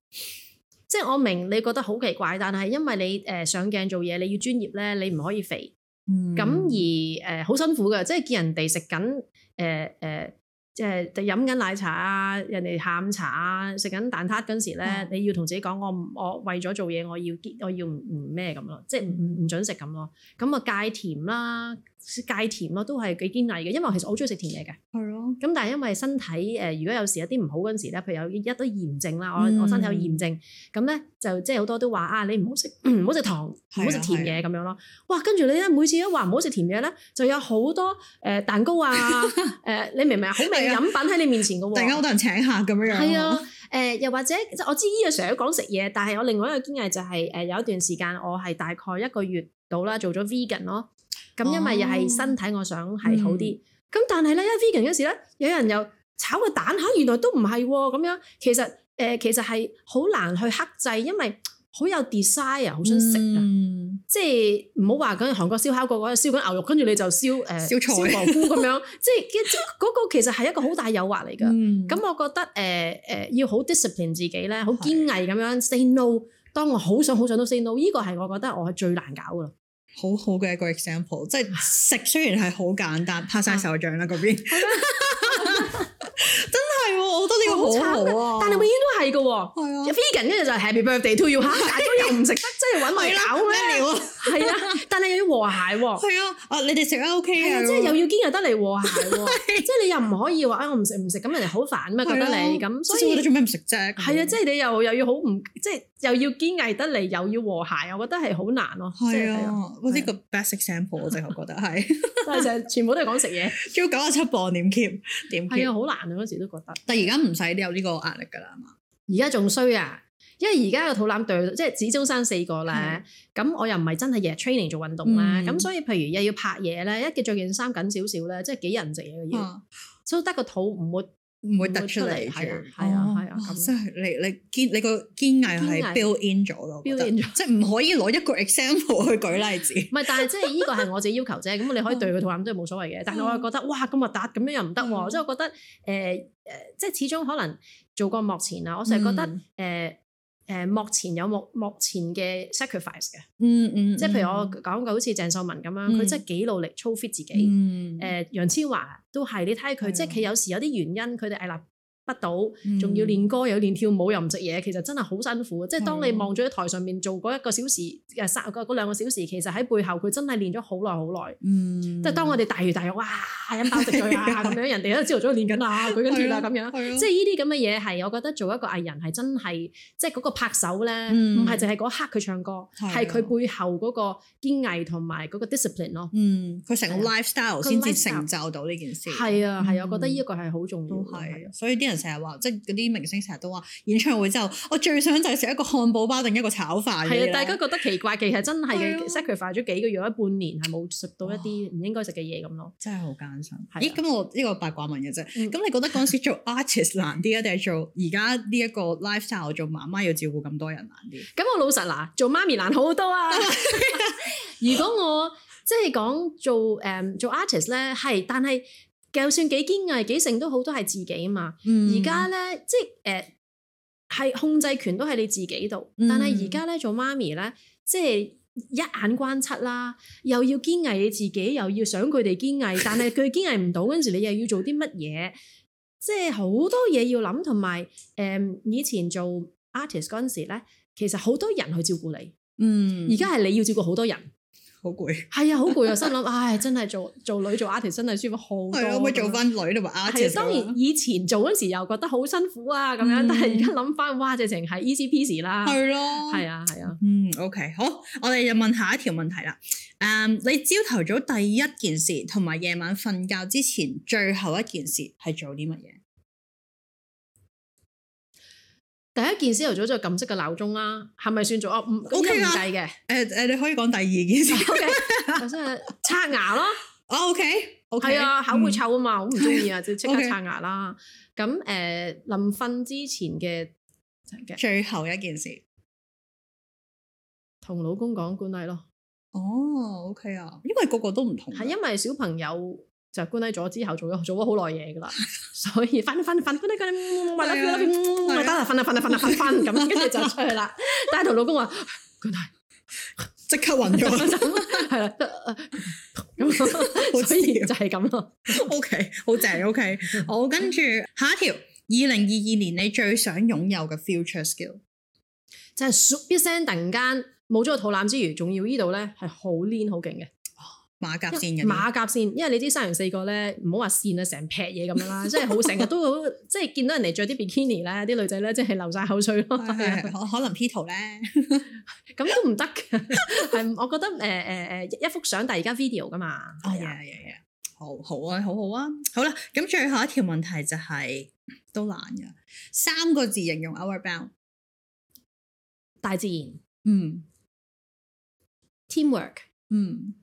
A: 即係我明你覺得好奇怪，但係因為你誒上鏡做嘢，你要專業咧，你唔可以肥。咁、嗯、而誒好、呃、辛苦嘅，即係見人哋食緊誒誒，即、呃、係、呃呃、飲緊奶茶啊，人哋下午茶啊，食緊蛋撻嗰陣時咧，嗯、你要同自己講，我我為咗做嘢，我要我要唔咩咁咯，即係唔唔準食咁咯。咁啊，戒甜啦～戒甜咯、啊，都係幾堅毅嘅，因為其實我好中意食甜嘢嘅。係咯、哦。咁但係因為身體誒、呃，如果有時有啲唔好嗰陣時咧，譬如有一堆炎症啦，嗯、我我身體有炎症，咁咧就即係好多都話啊，你唔好食唔好、呃、食糖，唔好食甜嘢咁樣咯。哇，跟住你咧每次都話唔好食甜嘢咧，就有好多誒、呃、蛋糕啊誒、 呃，你明唔明啊？好 味飲品喺你
B: 面前嘅喎，突然間好多人請客咁樣樣。係啊，
A: 誒又或者即我知 Ella 姐講食嘢，但係我另外一個堅毅就係、是、誒有一段時間我係大概一個月到啦，做咗 vegan 咯。
B: 咁因為又係身
A: 體，我想係好啲。咁但係咧，一 vegan 嗰時咧，有人又炒個蛋嚇，原來都唔係咁樣。其實誒、呃，其實係好難去克制，因為好有 desire，好想食。嗯、即係唔好話講韓國燒烤、那個，個個燒緊牛肉，跟住你就燒誒、呃、小材 燒蘑菇咁樣。 即係嗰、那個其實係一個好大誘惑嚟㗎。咁、嗯、我覺得誒誒要好 discipline 自己咧，好堅毅咁樣 say no。
B: 當我好想好想都 say no，呢個係我覺得我係最難搞㗎。好好嘅一個 example，即係食雖然係好簡單，拍晒手掌喇嗰邊。好多啲好差好啊！但係永遠都係嘅喎 Vegan 咧就 Happy Birthday
A: to you 嚇，但都又唔食得，即係揾我搞咩料啊？但係又要和諧喎。係啊，啊你哋食得 OK 即係又要堅毅得嚟和諧，即係你又唔可以話我唔食唔食咁人哋好煩咩？覺得你咁，所以覺得做咩唔食啫？係啊，即係你又又要好唔即係又要堅毅得嚟，又要和諧，我覺得係好難咯。係啊，嗰啲個 best example 我成
B: 日覺得係，但係成全部都係講食嘢。要九廿七磅點 keep？點係啊，好難啊！嗰時都覺得。而家唔使都有呢個壓力㗎啦，係嘛？而家仲衰啊，因為而家個肚腩
A: 對，即係只中生四個咧，咁是的 我又唔係真係日日 training 做運動咧，咁、嗯、所以譬如又要拍嘢咧，一着件衫緊少少咧，即係幾人食嘢嘅要，都得個肚唔活。
B: 唔會突出嚟住，係啊，係啊，係啊，咁即係你你堅你個堅毅係 build in 咗嘅毅，覺得了即係唔可以攞一個 example 去舉例子。唔係， 但係即係呢個係我自己要
A: 求啫。咁 你可以對佢套痰都冇所謂嘅。但係我又覺得哇咁啊搭咁樣又唔得喎，即係 我覺得誒誒、呃，即係始終可能做個幕前啊，我成日覺得誒。嗯誒幕、呃、前有幕幕前嘅 sacrifice 嘅、嗯，嗯嗯，即係譬如我講過好似鄭秀文咁樣，佢、嗯、真係幾努力操 fit 自己，誒、嗯呃、楊千嬅都係，你睇下佢，嗯、即係佢有時有啲原因，佢哋係立不到，仲要練歌又練跳舞又唔食嘢，其實真係好辛苦。即係當你望咗喺台上面做嗰一個小時，誒嗰兩個小時，其實喺背後佢真係練咗好耐好耐。嗯，即係當我哋大魚大肉，哇飲飽食醉啊咁樣，人哋都知道咗練緊啦，舉緊鐵啦咁樣。即係依啲咁嘅嘢係我覺得做一個藝人係真係即係嗰個拍手咧，唔係淨係嗰刻佢唱歌，係佢背後嗰個堅毅同埋嗰個 discipline 咯。嗯，
B: 佢成個 lifestyle 先至成就到呢件事。係啊，係啊，我覺得呢一個係好重要。都係，所以啲人。成日話即係嗰啲明星成日都話演唱會之後，我最想就係食一個漢堡包定一個炒飯。係啊，大家覺得奇怪，其實真係要 sacrifice 咗幾個月或的半年係冇食
A: 到一啲唔應該食嘅嘢咁咯。真係好艱辛。
B: 的咦？咁我呢、呢個八卦問嘅啫。咁、嗯、你覺得嗰時做 artist 難啲啊，定係做而家呢一個 lifestyle 做媽媽要照顧咁多人難啲？咁我老實嗱，做媽咪難好多啊。 如果我即係講
A: 做誒、um, 做 artist 咧，係，但係。就算幾堅毅幾性都好，都係自己嘛。而家咧，即係誒，係、呃、控制權都係你自己度。但係而家咧做媽咪咧，即係一眼關七啦，又要堅毅你自己，又要想佢哋堅毅。但係佢堅毅唔到嗰陣時， 你又要做啲乜嘢？即係好多嘢要諗，同埋誒，以前做 artist 嗰陣時咧，其實好多人去照顧你。
B: 嗯，而家
A: 係你要照顧好多人。好攰，係很 啊，好攰啊！又心諗，唉，真係做做女做 artist 真係舒服好多。係、啊、樣可唔可以做翻女同埋 artist？當然以前做嗰時又覺得好辛苦啊咁樣，嗯、但係而家諗翻，哇！直情係 easy peasy 啦，係咯，係啊係啊。啊
B: 啊嗯，OK，好，我哋就問下一條問題啦。誒、um,，你朝頭早第一件事同埋夜晚瞓覺之前最後一件事係做啲乜嘢？第一件朝頭早就撳熄嘅鬧鐘啦，
A: 係咪算做哦唔 O K 啊？誒、呃、誒，你可以講第二件事，即 係、okay，刷牙咯。哦 O K O K 係啊，口會臭啊嘛，好唔中意啊，就即刻刷牙啦。咁誒 okay，臨瞓、呃、之前嘅最後一件事，同老公講管理咯。哦
B: O K 啊，
A: 因為個個都唔同，係因為小朋友。就官閪咗之後，做咗做咗好耐嘢噶啦，所以瞓瞓瞓官閪佢，唔唔得佢，唔唔埋得啦，瞓啊瞓啊瞓啊瞓瞓咁，跟住 就出去啦。但係
B: 同老公話，佢哋即刻暈咗，係啦，咁所以就係咁咯。 o、okay, K，好正。O、okay、K， 我跟住下一條，二零二二年你最想擁有嘅 future skill，就
A: 係一聲突然間冇咗個肚腩之餘，仲要依度咧係好 lean 好勁嘅。馬甲線嘅馬甲線，因為你啲三人四個咧，唔好話線啊，成劈嘢咁樣啦， 即係好成日都即係見到人哋着啲 bikini 啦，啲女仔咧即係流晒口水咯。係係、 哎哎哎，可可能 P 圖咧，咁 都唔得。係 我覺得誒誒誒一幅相，但係而家 video 噶嘛。
B: 係啊係啊，好好啊，好啊好啊，好啦。咁最後一條問題就係、是、都難嘅三個字形容 Outward Bound 大自然、嗯 teamwork 嗯。Team work, 嗯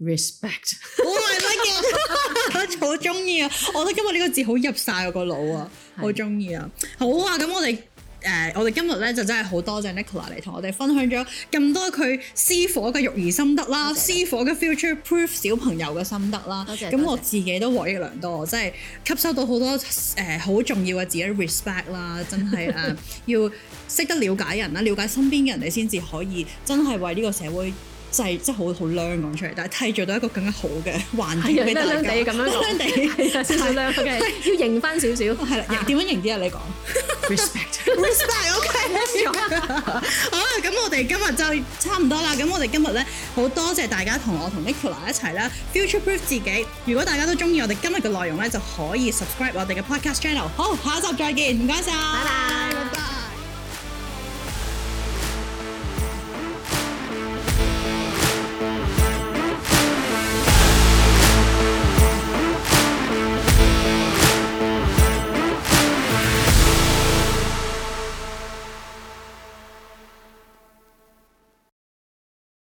B: respect，好啊，乜嘢？我好中意啊！我覺得今日呢個字好入晒我個腦啊，好中意啊！好啊，咁我哋誒、呃，我哋今日咧就真係好多謝 Nicola 嚟同我哋分享咗咁多佢師火嘅育兒心得啦，謝謝師火嘅 future proof 小朋友嘅心得啦。咁我自己都獲益良多，即係吸收到好多誒好、呃、重要嘅字 respect 啦，真係誒要識得了解人啦，了解身邊嘅人，你先至可以真係為呢個社會。就係真係好好娘講出嚟，但係替換到一個更加好嘅環境俾大家。娘地咁樣講，要型翻少少，係啦，型點樣型啲啊？你講。Respect，respect，OK，好啦，咁我哋今日就差唔多啦。咁我哋今日咧好多謝大家同我同 Nicola 一齊啦。future proof 自己。如果大家都中意我哋今日嘅內容咧，就可以 subscribe 我哋嘅 podcast channel。好，下一集再見，唔該曬，拜拜。